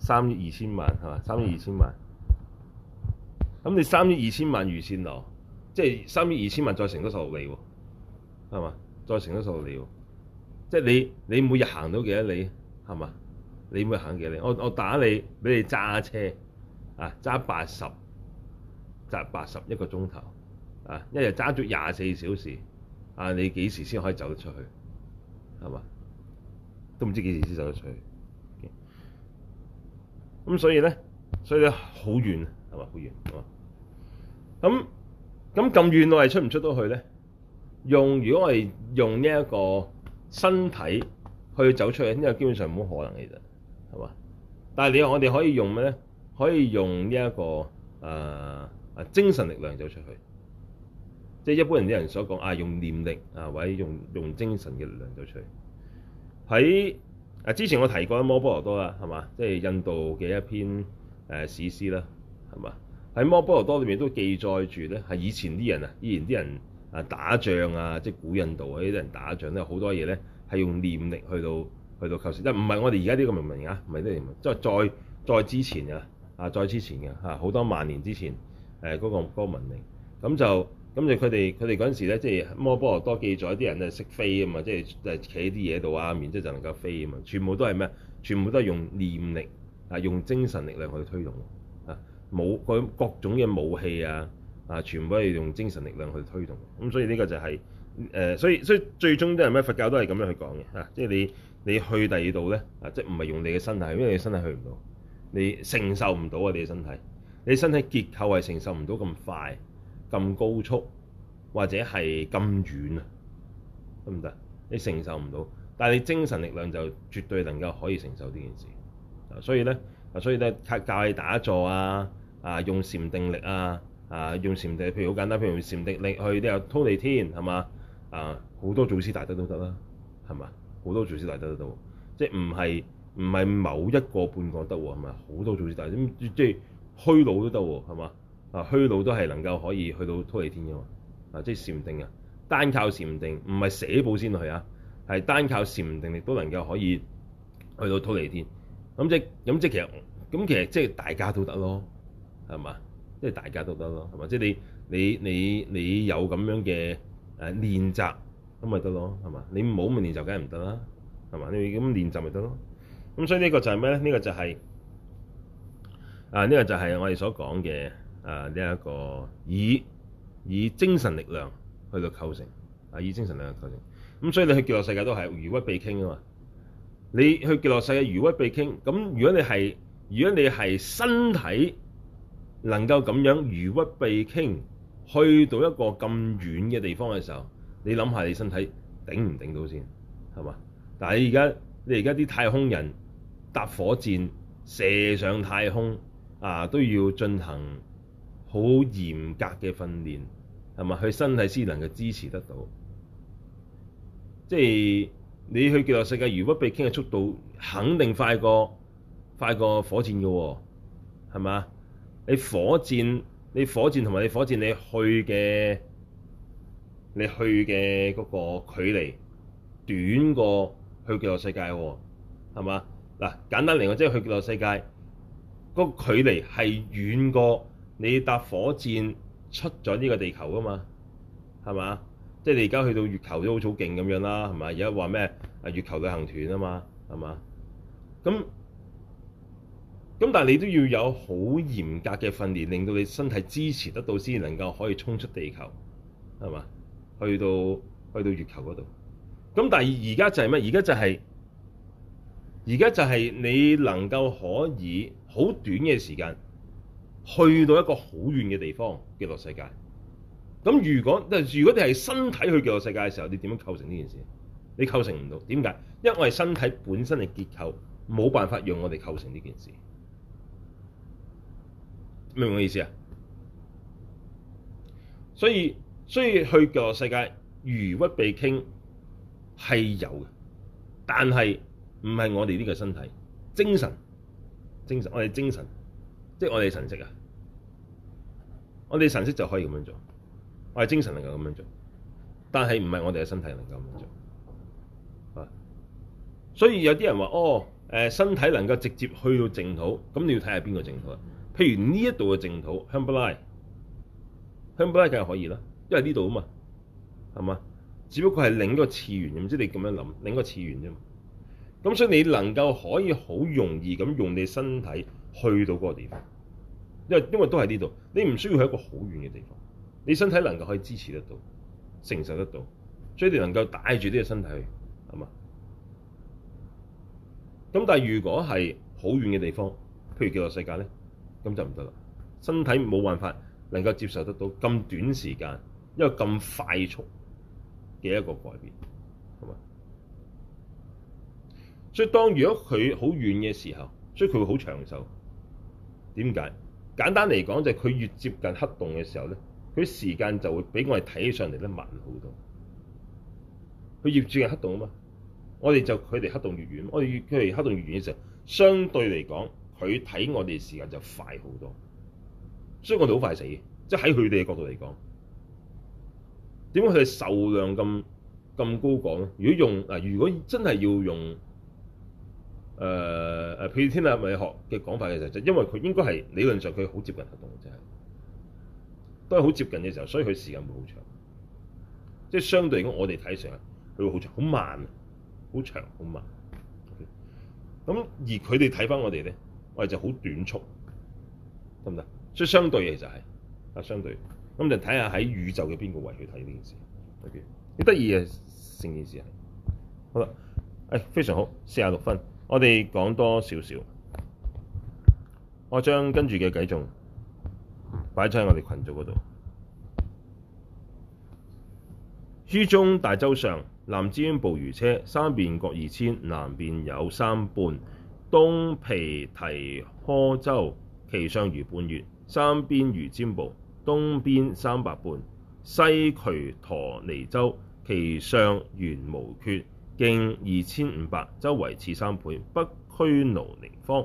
三億二千萬係嘛、啊？三億二千萬，咁、啊、你三億二千萬踰繕那，即係三億二千萬再乘咗數倍喎，係、啊、嘛？再乘咗數倍喎，即係你你每日行到幾多里？係嘛？你每日行幾多里？我我打你，畀你揸車啊，揸八十揸八十一個鐘頭啊，一日揸足廿四小時。啊！你幾時先可以走得出去？係嘛？都唔知幾時先走得出去。咁所以咧，所以咧好遠，係嘛？好遠咁咁咁遠，遠我係出唔出到去咧？用如果我係用呢一個身體去走出去，呢個基本上冇可能嘅，其實係嘛？但係你話我哋可以用咩咧？可以用呢一個誒、呃、精神力量走出去。即係一般人啲人所講啊，用念力啊，或者用用精神嘅力量就出嚟喺啊。之前我提過《摩波羅多》啦，係嘛？即係印度嘅一篇誒、啊、史詩啦，係嘛？喺《摩波羅多》裏面都記載住咧，係以前啲人啊，以前啲人啊打仗啊，即係古印度啊，呢啲人打仗咧，好多嘢咧係用念力去到去到構思，即唔係我哋而家呢個文明啊？唔係呢個文明，即係再再之前嘅啊，再之前嘅、啊、嚇，好、啊、多萬年之前誒嗰、嗰個嗰個文明咁就。咁就佢哋佢哋嗰陣時咧，即係摩波羅多記載啲人啊識飛啊嘛，即係誒企喺啲嘢度啊，然之後就能夠飛啊嘛。全部都係咩？全部都係用念力啊，用精神力量去推動啊。武各各種嘅武器啊啊，全部都係用精神力量去推動。咁所以呢個就係誒，所以所以最終都係咩？佛教都係咁樣去講嘅嚇。即係你你去第二度咧啊，即係唔係用你嘅身體，因為你身體去唔到，你承受唔到我哋身體，你身體結構係承受唔到咁快。咁高速或者係咁遠啊，得唔得？你承受唔到，但係你精神力量就絕對能夠可以承受呢件事。啊，所以咧啊，所以咧教你打坐啊啊，用禪定力啊啊，用禪定，譬如好簡單，譬如用禪定力去都有地天係嘛啊，好多祖師大德都得啦，係嘛？好多祖師大德都得喎，即係唔係唔係某一個半個得喎，係咪？好多祖師大，咁即係虛老都得喎，係嘛？啊，虛老都係能夠可以去到忉利天嘅嘛，啊，即係禪定啊，單靠禪定，唔係寫報先去啊，係單靠禪定你都能夠可以去到忉利天，咁即係，咁即係其實，咁其實即係大家都得咯，係嘛？即係大家都得咯，係嘛？即係你，你，你，你有咁樣嘅誒練習咁咪得咯，係嘛？你冇咁練習梗係唔得啦，係嘛？你咁練習咪得咯，咁所以呢個就係咩咧？呢個就係啊，呢個就係我哋所講嘅。誒呢一個以以精神力量去到構成啊，以精神力量構成咁、啊，所以你去極樂世界都係如屈臂傾啊嘛。你去極樂世界如屈臂傾咁、嗯，如果你係如果你係身體能夠咁樣如屈臂傾去到一個咁遠嘅地方嘅時候，你諗下你身體頂唔頂到先，係嘛？但係而家你而家啲太空人搭火箭射上太空啊，都要進行。好嚴格嘅訓練，係嘛？佢身體先能夠支持得到。即係你去極樂世界，如果被傾嘅速度肯定快過快過火箭嘅喎、哦，係嘛？你火箭，你火箭同埋你火箭你，你去嘅你去嘅嗰個距離短過去極樂世界喎、哦，係嘛？嗱，簡單嚟講，即係去極樂世界嗰、那個距離係遠過。你搭火箭出咗呢個地球㗎嘛，係嘛？即係你而家去到月球都好勁咁樣啦，係嘛？而家話咩？啊月球旅行團啊嘛，係嘛？咁咁，但係你都要有好嚴格嘅訓練，令到你身體支持得到，先能夠可以衝出地球，係嘛？去到去到月球嗰度。咁但係而家就係咩？而家就係而家就係你能夠可以好短嘅時間。去到一個好遠嘅地方，極樂世界。咁如果，如果你係身體去極樂世界嘅時候，你點樣構成呢件事？你構成唔到，點解？因為我哋身體本身嘅結構冇辦法讓我哋構成呢件事。明唔明我意思啊？所以，所以去極樂世界如屈臂傾係有嘅，但係唔係我哋呢個身體，精神，精神，我哋精神。即係我哋神識啊！我哋神識就可以咁樣做，我哋精神能夠咁樣做，但係唔係我哋嘅身體能夠咁樣做啊！所以有啲人話，哦，誒，身體能夠直接去到淨土，咁你要睇下邊個淨土啊？譬如呢一度嘅淨土，香巴拉，香巴拉梗係可以啦，因為呢度啊嘛，係嘛？只不過係另一個次元，唔知你咁樣諗，另一個次元啫嘛。咁所以你能夠可以好容易咁用你身體。去到嗰個地方，因為因為都喺呢度，你唔需要去一個好遠嘅地方，你身體能夠可以支持得到、承受得到，所以你能夠帶住呢個身體去，係嘛？咁但係如果係好遠嘅地方，譬如極樂世界咧，咁就唔得啦，身體冇辦法能夠接受得到咁短時間，因為咁快速嘅一個改變，係嘛？所以當如果佢好遠嘅時候，所以佢會好長壽。點解？簡單嚟講，就係佢越接近黑洞嘅時候咧，佢時間就會比我哋睇起上嚟咧慢好多。佢越接近黑洞啊嘛，我哋就佢離黑洞越遠，我哋越佢離黑洞越遠嘅時候，相對嚟講，佢睇我哋時間就快好多。所以我哋好快死嘅，即係喺佢哋嘅角度嚟講，點解佢哋壽量咁咁高廣咧？如果用啊，如果真係要用。誒、呃、誒，譬如天納物理學嘅講法嘅時候，就是、因為佢應該係理論上佢好接近黑洞真即係都係好接近嘅時候，所以佢時間會好長。即、就、係、是、相對嚟講、okay?，我哋睇上，佢會好長，好慢，好長，好慢。咁而佢哋睇翻我哋咧，我哋就好短促，得唔得？所以相對嘅就係啊，相對咁就睇下喺宇宙嘅邊個位去睇呢件事。特、okay? 別、啊，好得意嘅成件事係好啦，誒、哎，非常好，四十六分。我哋講多少少，我將跟住嘅計數擺喺我哋群組嗰度。於中大洲相，南贍部如車，三邊各二千，南邊有三半，東毘提訶洲，其相如半月，三邊如贍部，東邊三百半，西瞿陀尼洲，其相圓無缺。徑二千五百，周圍此三倍，北俱盧畟方，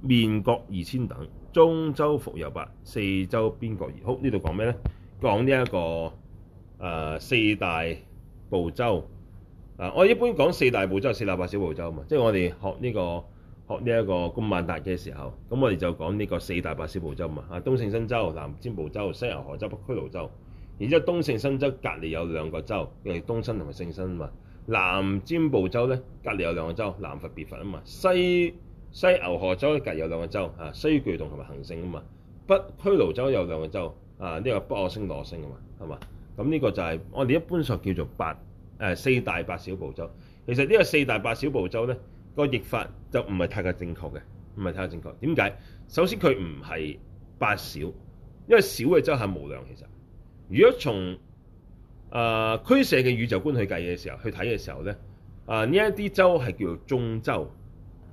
面各二千等，中洲復有八，四洲邊各二，好。呢度講咩呢？講呢一個誒、呃、四大部洲。誒、啊，我一般講四大部洲，四大八小部洲啊嘛。即係我哋學呢、這個學呢一個供曼達嘅時候，咁我哋就講呢個四大八小部洲啊嘛。啊，東勝神洲、南贍部洲、西牛賀洲、北俱盧洲。然之後，東勝身洲隔籬有兩個洲，因係東新同埋勝身啊嘛。南贍部洲咧隔籬有兩個洲，南佛別佛啊嘛。西西牛貨洲隔籬有兩個洲啊，西巨洞同埋恒星啊嘛。北俱盧洲有兩個洲啊，呢個北火星羅星啊嘛，係嘛？咁呢個就係、是、我哋一般所叫做八誒、呃、四大八小部洲。其實呢個四大八小部洲咧、那個譯法就唔係太過正確嘅，唔係太過正確。點解？首先佢唔係八小，因為小嘅洲係無量其實。如果從啊俱舍嘅宇宙觀去計嘅時候，去睇嘅時候咧，啊呢一啲洲係叫做中洲、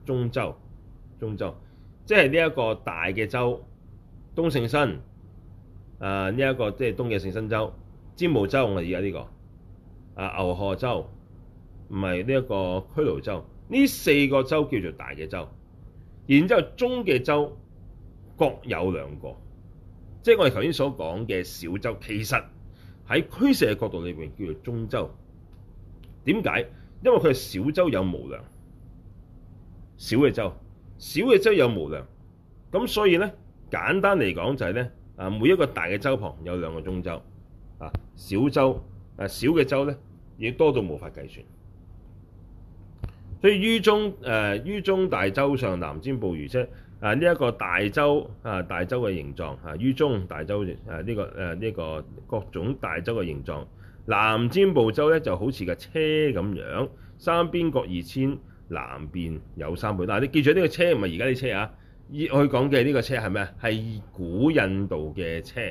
中洲、中洲，即係呢一個大嘅洲，東勝身啊呢一個即係東嘅勝身洲、贍部洲，啊而家呢個啊牛貨洲，唔係呢一個俱盧洲，呢四個洲叫做大嘅洲，然之後中嘅洲各有兩個。即係我哋頭先所講嘅小洲，其實喺俱舍嘅角度裏邊叫做中洲。點解？因為佢係小洲，有無量，小嘅洲，小嘅洲有無量。咁所以咧，簡單嚟講就係咧，啊每一個大嘅洲旁有兩個中洲，啊小洲，啊小嘅洲咧，亦多到無法計算。所以於中誒於、呃、中大洲相南贍部如車。啊！呢、這、一個大洲啊，大洲嘅形狀啊，於中大洲誒呢個誒呢、啊這個啊這個各種大洲嘅形狀。南贍部洲咧就好似架車咁樣，三邊各二千，南邊有三半。嗱、啊，你記住呢、這個車唔係而家啲車啊，我哋講嘅呢個車係咩啊？係古印度嘅車，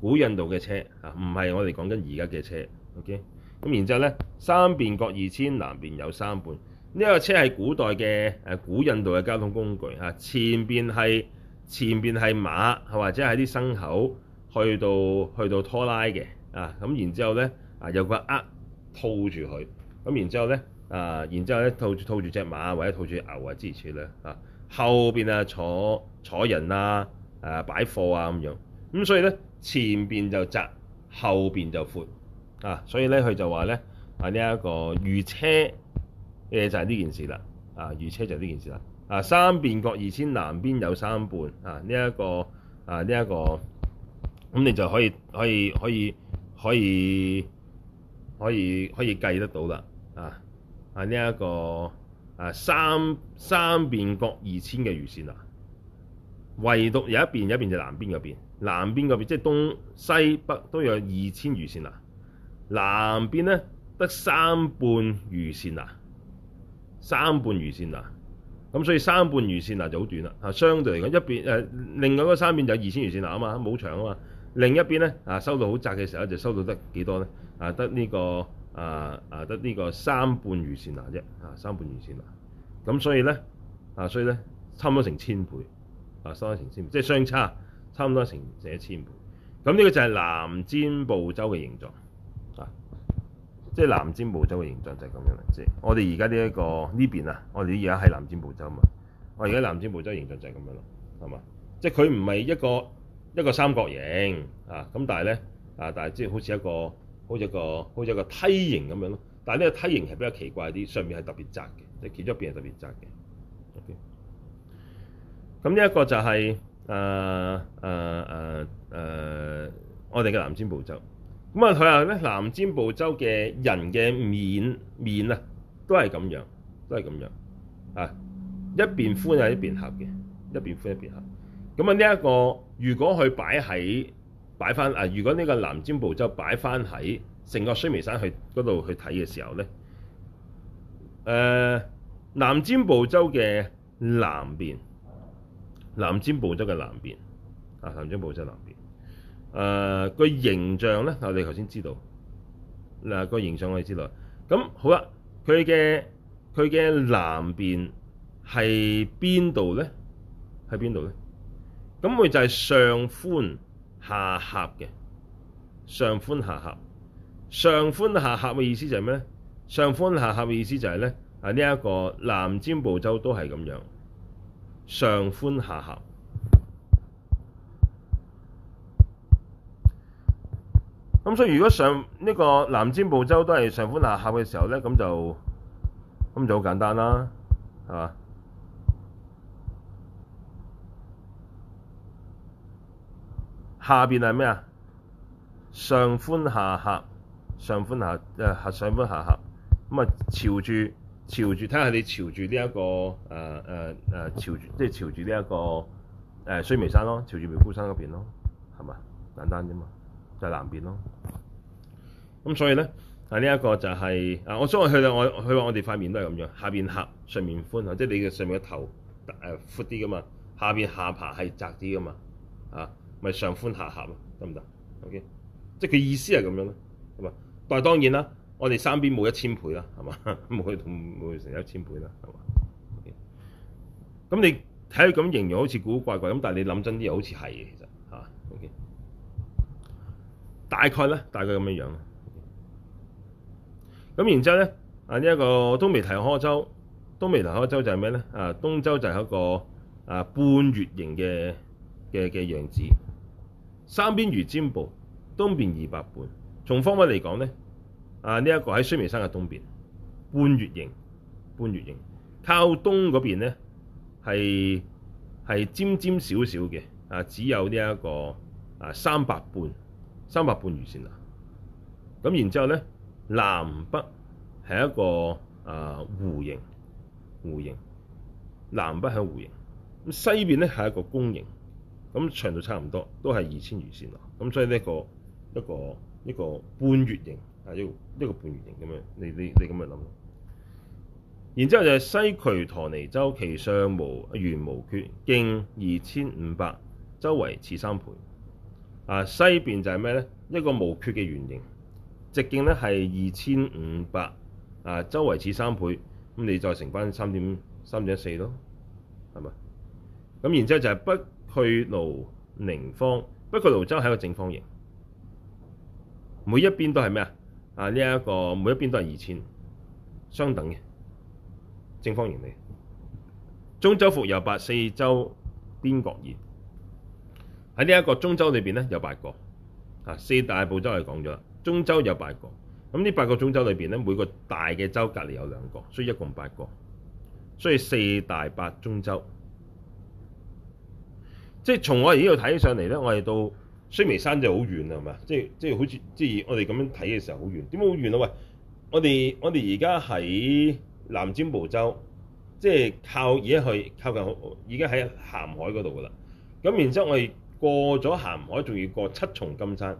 古印度嘅車嚇，唔、啊、係我哋講緊而家嘅車。OK，咁然之後咧，三邊各二千，南邊有三半。呢、這個個車係古代嘅、啊、古印度嘅交通工具、啊、前面係前面係馬、啊是啊啊啊、馬，或者係啲牲口去到去到拖拉嘅啊，咁然之後咧啊有個呃套住佢，咁然之後咧啊，然之後咧套套住隻馬或者套住牛啊之類啦嚇，後邊啊坐坐人啊誒擺貨啊咁、啊、樣，咁、啊、所以咧前面就窄，後面就闊啊，所以咧佢就話咧啊呢一、這個如車。嘅就係、是、呢件事啦，啊，如車就係呢件事啦，啊，三邊各二千，南邊有三半，啊，呢、這、一個啊，呢、這、一個，咁你就可以可以可以可以可以可以計得到啦，啊，喺呢一個啊三三邊各二千嘅踰繕那啊，唯獨有一邊有一邊就南邊嗰邊，南邊嗰邊即係、就是、東西北都有二千踰繕那啊，南邊咧得三半踰繕那啊。三半踰繕那，咁所以三半踰繕那就好短啦，啊，相對嚟講一邊誒，另外嗰三邊就係二千踰繕那啊嘛，冇長啊嘛，另一邊咧啊收到好窄嘅時候就收到得幾多咧、這個？啊，得呢個啊啊，得呢個三半踰繕那啫，啊，三半踰繕那，咁所以咧啊，所以咧差唔多成千倍，啊，收得成千倍，即、就、係、是、相差差唔多成成一千倍，咁呢個就係南贍部洲嘅形狀。即係南贍部洲嘅形象就係咁樣啦，即係我哋而家呢一個呢邊啊，我哋而家係南贍部洲嘛，我而家南贍部洲形象就係咁樣咯，係嘛？即係佢唔係一個一個三角形啊，咁但係咧啊，但係即係好似一個好似一個好似一個梯形咁樣咯，但係呢個梯形係比較奇怪啲，上面係特別窄嘅，你其中一邊係特別窄嘅。O.K. 咁呢一個就係誒誒誒誒，我哋嘅南贍部洲。咁啊佢話咧，南贍部洲嘅人嘅面面啊，都係咁樣，都係咁樣啊，一邊寬係一邊狹嘅，一邊寬一邊狹。咁啊呢一,一，這個，如果佢擺喺擺翻啊，如果呢個南贍部洲擺翻喺成個須彌山去嗰度去睇嘅時候咧，誒、呃，南贍部洲嘅南邊，南贍部洲嘅南邊啊，南贍部洲南。誒、呃那個形象咧，我哋頭先知道嗱、那個形象我哋知道，咁好啦，佢嘅佢嘅南邊係邊度咧？喺邊度咧？咁佢就係上寬下狹嘅，上寬下狹。上寬下狹嘅意思就係咩咧？上寬下狹嘅意思就係咧，啊呢一、呢個南贍部洲都係咁樣，上寬下狹。咁所以如果上呢、這個南贍部洲都係上寬下狹嘅時候咧，咁就咁就好簡單啦，係嘛？下邊係咩啊？上寬下狹，上寬下即係、呃、上寬下狹，咁啊朝住朝住睇下你朝住呢一個誒誒誒朝即係朝住呢一個誒須、呃、彌山咯，朝住眉姑山嗰邊咯，係嘛？簡單啫嘛。就係南邊咯，咁所以咧、就是，啊呢一個就係啊，我想以去到我佢話我哋塊面都係咁樣，下邊狹，上面寬啊，即係你嘅上面嘅頭誒闊啲噶嘛，下邊下巴係窄啲噶嘛，啊咪、就是、上寬下狹啊，得唔得？OK，即係佢意思係咁樣咯，咁啊，但係當然啦，我哋三邊冇一千倍啦，係嘛？冇去冇去成一千倍啦，係嘛？咁、okay? 你睇佢咁形容好似古古怪怪咁，但係你諗真啲又好似係嘅，其實。大概咧，大概咁嘅樣。咁然之後咧，啊呢一個東毗提訶洲，東毗提訶洲就係咩咧？啊東洲就係一個啊半月形嘅嘅嘅樣子，三邊如贍部，東邊二百半。從方位嚟講咧，啊呢一個喺須彌山嘅東邊，半月形，半月形。靠東嗰邊咧係係尖尖少少嘅，啊只有呢一個啊三百半。三百半踰繕那！咁然之後咧，南北係一個啊弧形弧形，南北係弧形。咁西邊咧係一個弓形，咁長度差唔多，都係二千踰繕那！咁所以呢一個一個一個，一個半月形啊，一呢一個半月形咁樣，你你你咁樣諗。然之後就係西瞿陀尼洲，其相無圓無缺，徑二千五百，周圍此三倍。啊，西邊就係咩咧？一個無缺嘅圓形，直徑咧係二千五百，啊，周圍此三倍，咁你再乘翻三點三點一四咯，係咪？咁然之後就係北俱盧畟方，北俱盧洲係一個正方形，每一邊都係咩啊？啊，呢、這、一個每一邊都係二千，相等嘅正方形嚟。中洲復有八，四洲邊各二。喺呢一個中洲裏邊咧有八個啊，四大部洲我哋講咗啦，中洲有八個。咁呢八個中洲裏邊咧，每個大嘅洲隔離有兩個，所以一共八個，所以四大八中洲，即係從我而家呢度睇起上嚟咧，我哋到須彌山就遠好遠啦，係咪？即係即係好似即係我哋咁樣睇嘅時候好遠，點解好遠啊？喂，我哋我哋而家喺南贍部洲，即係靠而家去靠近，已經喺鹹海嗰度噶啦。咁然之後我哋。過咗鹹海，仲要過七重金山。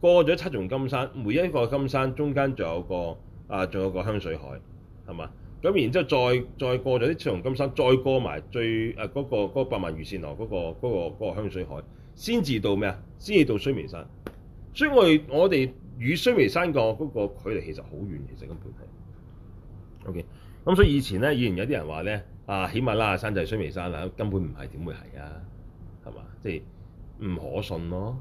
過咗七重金山，每一個金山中間仲有個啊，仲有個香水海，係嘛？咁然之後再再過咗啲七重金山，再過埋最誒嗰、啊那個嗰八萬魚線河嗰個嗰嗰、那個那個那個、香水海，先至到咩啊？先至到須彌山。所以我哋我哋與須彌山個嗰個距離其實好遠，其實根本係。O K. 咁所以以前咧，以前有啲人話咧啊，喜馬拉雅山就須彌山啦，根本唔係，點會係啊？即係唔可信咯，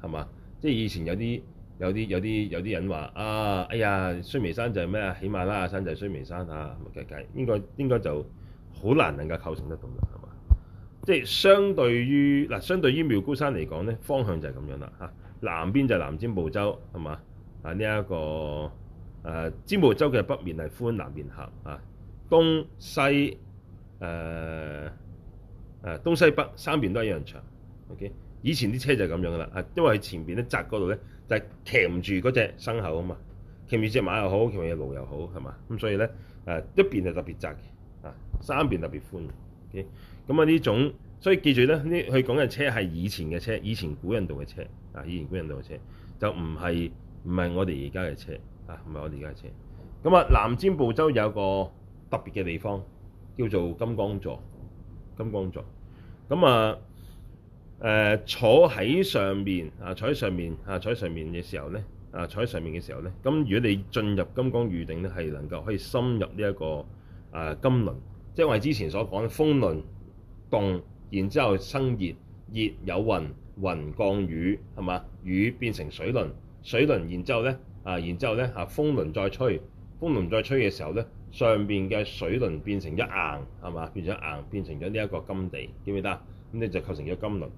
係嘛？即係以前有啲有啲有啲有啲人話啊，哎呀，須彌山就係咩啊？喜馬拉雅山就係須彌山嚇，咪計計，應該應該就好難能夠構成得到嘅，係嘛？即係相對於嗱、啊，相對於妙高山嚟講咧，方向就係咁樣啦嚇、啊。南邊就係南贍部洲係嘛？喺呢一個誒贍部洲嘅北面係寬，南面狹，啊，東西誒誒、啊啊、東西、啊啊、東西北三邊都一樣長。Okay? 以前啲車就係咁樣噶啦，啊，因為佢前邊咧窄嗰度咧，就係、是、騎唔住嗰隻牲口啊嘛，騎唔住隻馬又好，騎唔住驢又好，係嘛？咁所以咧，誒一邊就特別窄嘅，啊，三邊特別寬嘅。咁啊呢種，所以記住咧，呢佢講嘅車係以前嘅車，以前古印度嘅車，啊，以前古印度嘅車就唔係唔係我哋而家嘅車，啊，唔係我哋而家嘅車。咁啊，南贍部洲有個特別嘅地方叫做金剛座，金剛座。咁啊～誒、呃、坐喺上面啊，坐喺上面的時候啊，坐喺上面嘅時候咧，啊，坐喺上面嘅時候咧，咁如果你進入金剛預定咧，係能夠可以深入呢、這、一個啊金輪，即、就、係、是、我哋之前所講風輪動，然之後生熱，熱有雲，雲降雨係嘛？雨變成水輪，水輪然之後咧啊，然之後咧啊，風輪再吹，風輪再吹嘅時候咧，上邊嘅水輪變成一硬係嘛？變成一硬，變成咗呢一個金地，記唔記得？咁你就構成咗金輪。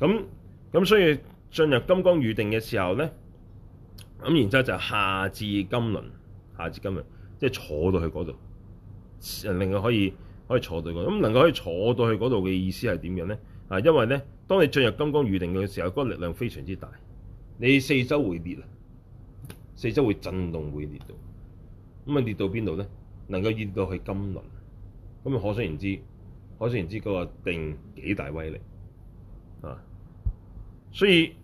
咁咁所以進入金剛預定嘅時候咧，咁然之後就下至金輪，下至金輪，即係坐到去嗰度，令佢可以可以坐到去。咁能夠可以坐到去嗰度嘅意思係點樣咧？啊，因為咧，當你進入金剛預定嘅時候，嗰力量非常之大，你四周會裂啊，四周會震動會裂到，咁啊裂到邊度咧？能夠裂到去金輪，咁啊可想而知，可想而知嗰個定幾大威力啊！所以，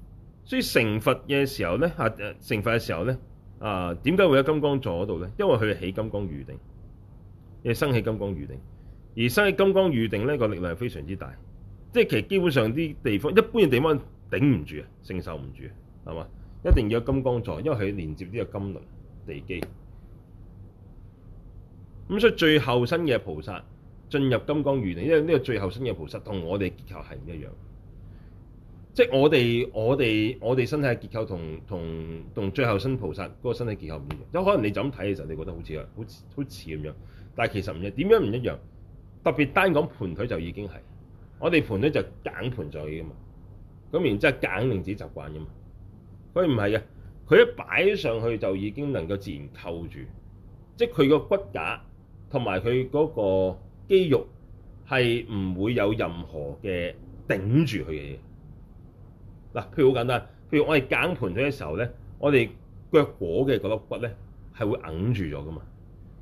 所以成佛嘅時候咧，啊，成佛嘅時候咧，啊，點解會有金剛座嗰度咧？因為佢起金剛預定，即係升起金剛預定，而升起金剛預定呢個力量係非常之大，即係其實基本上啲地方，一般嘅地方頂唔住啊，承受唔住係嘛？一定要有金剛座，因為佢連接呢個金輪地基。咁所以最後身嘅菩薩進入金剛預定，因為呢個最後身嘅菩薩同我哋結構係唔一樣。即我哋，我哋，我哋身體嘅結構同同同最後身菩薩嗰個身體結構唔一樣。有可能你就咁睇嘅時候，你覺得好似啊，好似好似咁樣。但其實唔一樣，點樣唔一樣？特別單講盤腿就已經係我哋盤腿就揀盤在㗎嘛。咁然之後揀令自己習慣㗎嘛。佢唔係嘅，佢一擺上去就已經能夠自然扣住，即佢個骨架同埋佢嗰個肌肉係唔會有任何嘅頂住佢嘅嘢。嗱，譬如好簡單，譬如我哋揀盤腿嘅時候咧，我哋腳踝嘅嗰粒骨咧係會揞住咗噶嘛。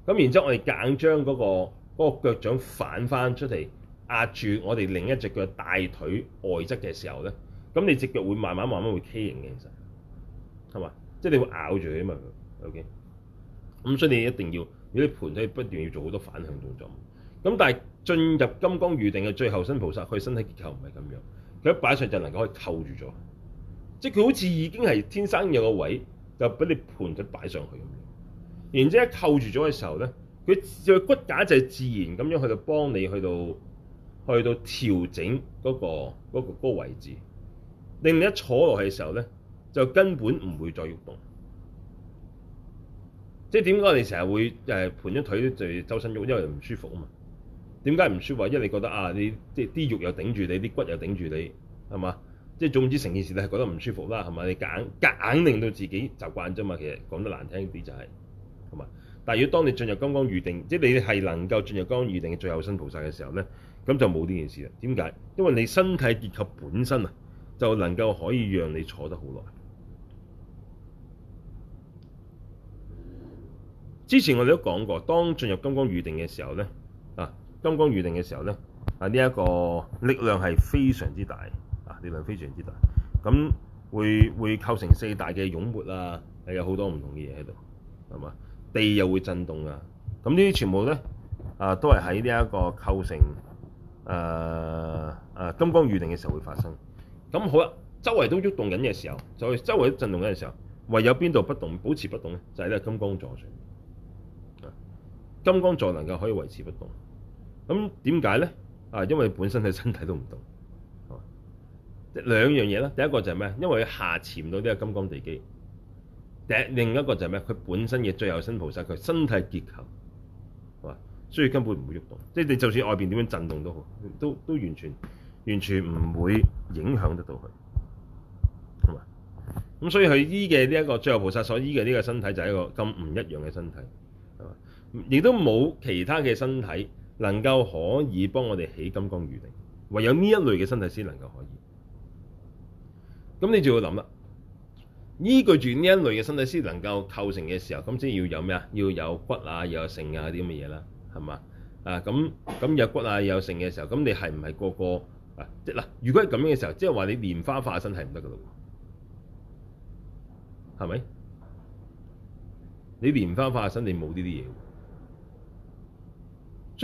咁然之後我哋揀將嗰個嗰個腳掌反翻出嚟壓住我哋另一隻腳大腿外側嘅時候咧，咁你隻腳會慢慢慢慢會畸形嘅，其實係嘛？即係你會咬住佢啊嘛。O K。咁所以你一定要如果盤腿不斷要做好多反向動作。咁但係進入金剛喻定嘅最後身菩薩，佢身體結構唔係咁樣。佢一擺上就能夠可以扣住咗，即係佢好似已經係天生有個位，就俾你盤咁擺上去咁樣。然之後一扣住咗嘅時候咧，佢個骨架就係自然咁樣去到幫你去到去到調整嗰個嗰個嗰個位置，令你一坐落去嘅時候咧就根本唔會再喐動。即係點解你成日會誒、就係、盤咗腿就周身喐，因為唔舒服啊嘛。點解唔舒服？因為你覺得啊，你即係啲肉又頂住你，啲骨又頂住你，係嘛？即係總之成件事你係覺得唔舒服啦，係嘛？你夾硬硬令到自己習慣啫嘛。其實講得難聽啲就係、是，係嘛？但係如果當你進入金剛預定，即係你係能夠進入金剛預定嘅最後身菩薩嘅時候咧，咁就冇呢件事啦。點解？因為你身體結構本身啊，就能夠可以讓你坐得好耐。之前我哋都講過，當進入金剛預定嘅時候咧。金剛預定嘅時候咧，啊呢一、這個力量係非常之大，啊力量非常之大，咁、啊、會會構成四大嘅湧沒啊，係有好多唔同嘅嘢喺度，係嘛，地又會震動啊，咁呢啲全部咧啊都係喺呢一個構成啊啊金剛預定嘅時候會發生的，咁好啦、啊，周圍都喐動緊嘅時候，就係周圍都震動緊嘅時候，唯有邊度不動，保持不動咧，就係、是、咧金剛座上啊金剛座能夠可以維持不動。咁點解咧？啊，因為本身佢身體都唔動，係嘛？即兩樣嘢啦。第一個就係咩？因為佢下潛到呢個金剛地基。第另一個就係咩？佢本身嘅最後身菩薩，佢身體結構係嘛，所以根本唔會喐動。即你就算外邊點樣震動都好，都都完全完全唔會影響得到佢，係嘛？咁所以佢醫嘅呢一個最後菩薩所醫嘅呢個身體，就係一個咁唔一樣嘅身體，係嘛？亦都冇其他嘅身體。能夠可以幫我哋起金剛喻定，唯有呢一類嘅身體先能夠可以。咁你就要諗啦，依據住呢一類嘅身體先能夠構成嘅時候，咁先要有咩啊？要有骨啊，又有成啊嗰啲咁嘅嘢啦，係嘛？啊咁咁有骨啊又有成嘅、啊啊啊、時候，咁你係唔係個個啊？即嗱，如果係咁樣嘅時候，即係話你蓮花化身係唔得㗎咯，係咪？你蓮花化身你冇呢啲嘢。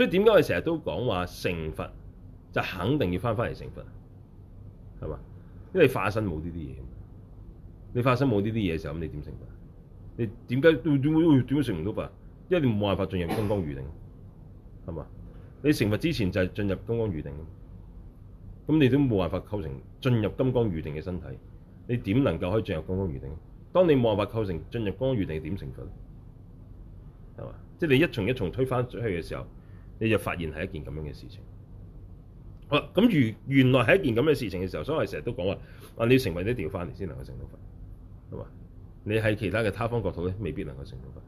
所以點解我哋成日都講話，成佛就肯定要翻翻嚟成佛係嘛？因為化身冇呢啲嘢，你化身冇呢啲嘢嘅時候，咁你點成佛？你點解點會點會成唔到佛？因為你冇辦法進入金剛預定，係嘛？你成佛之前就係進入金剛預定，咁你都冇辦法構成進入金剛預定嘅身體，你點能夠可以進入金剛預定？當你冇辦法構成進入光預定，點成佛？係嘛？即係你一重一重推翻出去嘅時候。你就發現係一件咁樣嘅事情。好啦，咁原原來係一件咁嘅事情嘅時候，所以我哋成日都講話，啊你要成為呢條返嚟先能夠成到佛。」係嘛？你喺其他嘅他方國土咧，未必能夠成到佛。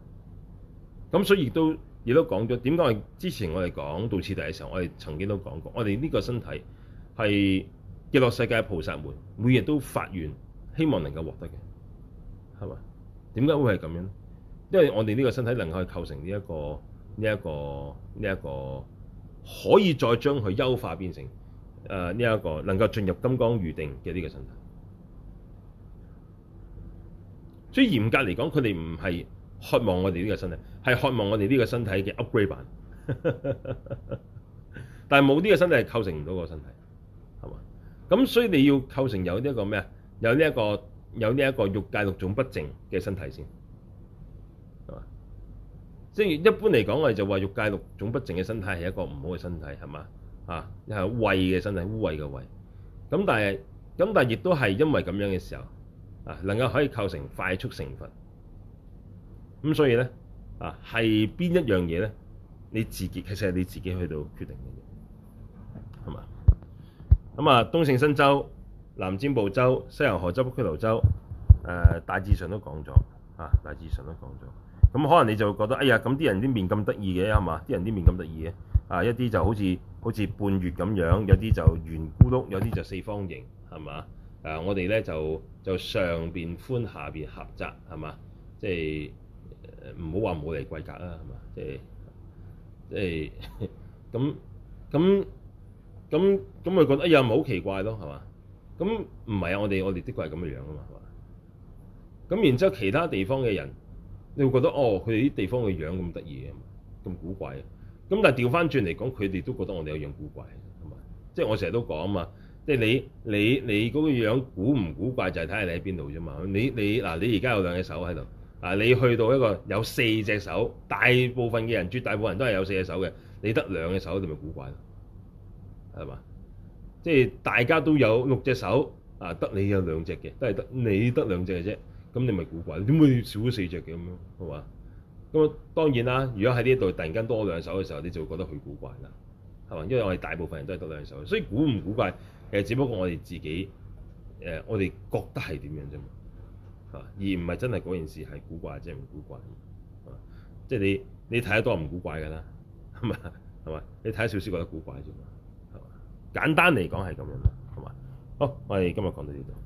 咁所以亦都亦都講咗點解？為什麼之前我哋講道次第嘅時候，我哋曾經都講過，我哋呢個身體係極樂世界的菩薩們每日都發願，希望能夠獲得嘅，係嘛？點解會係咁樣？因為我哋呢個身體能夠去構成呢、這、一個。呢一個呢一個可以再將佢優化變成，誒呢、呃、一個能夠進入金剛預定嘅呢個身體。所以嚴格嚟講，佢哋唔係渴望我哋呢 個身體，係渴望我哋呢個身體嘅 upgrade 版。但係冇呢個身體係構成唔到個身體，係嘛？咁所以你要構成有呢一個咩啊？有呢、這、一個有呢一個欲界六種不淨嘅身體先。即係一般嚟講，我哋就話欲界六種不淨嘅身體係一個唔好嘅身體，係嘛？啊，又穢嘅身體，污穢嘅穢。咁但係，咁但係亦都係因為咁樣嘅時候，啊，能夠可以構成快速成佛。咁所以咧，啊，係邊一樣嘢咧？你自己其實係你自己去到決定嘅，係嘛？咁啊，東勝身洲、南贍部洲、西洋河洲、北俱盧洲，誒，大致上都講咗，啊，大致上都講咗。咁可能你就會覺得哎呀，咁啲人啲面咁得意嘅，係嘛？啲人啲面咁得意嘅，啊，一啲就好似好似半月咁樣，有啲就圓咕碌，有啲就四方形，係嘛？啊、呃，我哋咧就就上邊寬下邊狹窄，係嘛？即係唔好話冇嚟規格啦，係嘛？即係即係咁咁咁咁咪覺得哎呀，唔係好奇怪咯，係嘛？咁唔係啊，我哋我哋的確係咁嘅樣啊嘛，係嘛？咁然之後其他地方嘅人。你會覺得哦，佢哋啲地方嘅樣咁得意咁古怪。咁但係調翻轉嚟講，佢哋都覺得我哋有樣古怪，係咪？即係我成日都講啊嘛，即係你你你嗰個樣古唔古怪就係睇下你喺邊度啫嘛。你你嗱，你而家有兩隻手喺度，嗱你去到一個有四隻手，大部分嘅人絕大部分人都係有四隻手嘅，你得兩隻手你咪古怪咯，係嘛？即係大家都有六隻手，啊得你有兩隻嘅，都係得你得兩隻嘅啫。咁你咪古怪？點會少咗四隻嘅咁樣，係嘛？咁當然啦，如果喺呢一度突然間多兩手嘅時候，你就會覺得佢古怪啦，係嘛？因為我哋大部分人都係多兩手，所以古唔古怪誒，只不過我哋自己、呃、我哋覺得係點樣啫嘛，而唔係真係嗰件事係古怪，即係唔古怪，即係、就是、你你睇得多唔古怪㗎啦，係嘛？係嘛？你睇得少少覺得古怪啫嘛，係嘛？簡單嚟講係咁樣啦，係嘛？好，我哋今日講到呢度。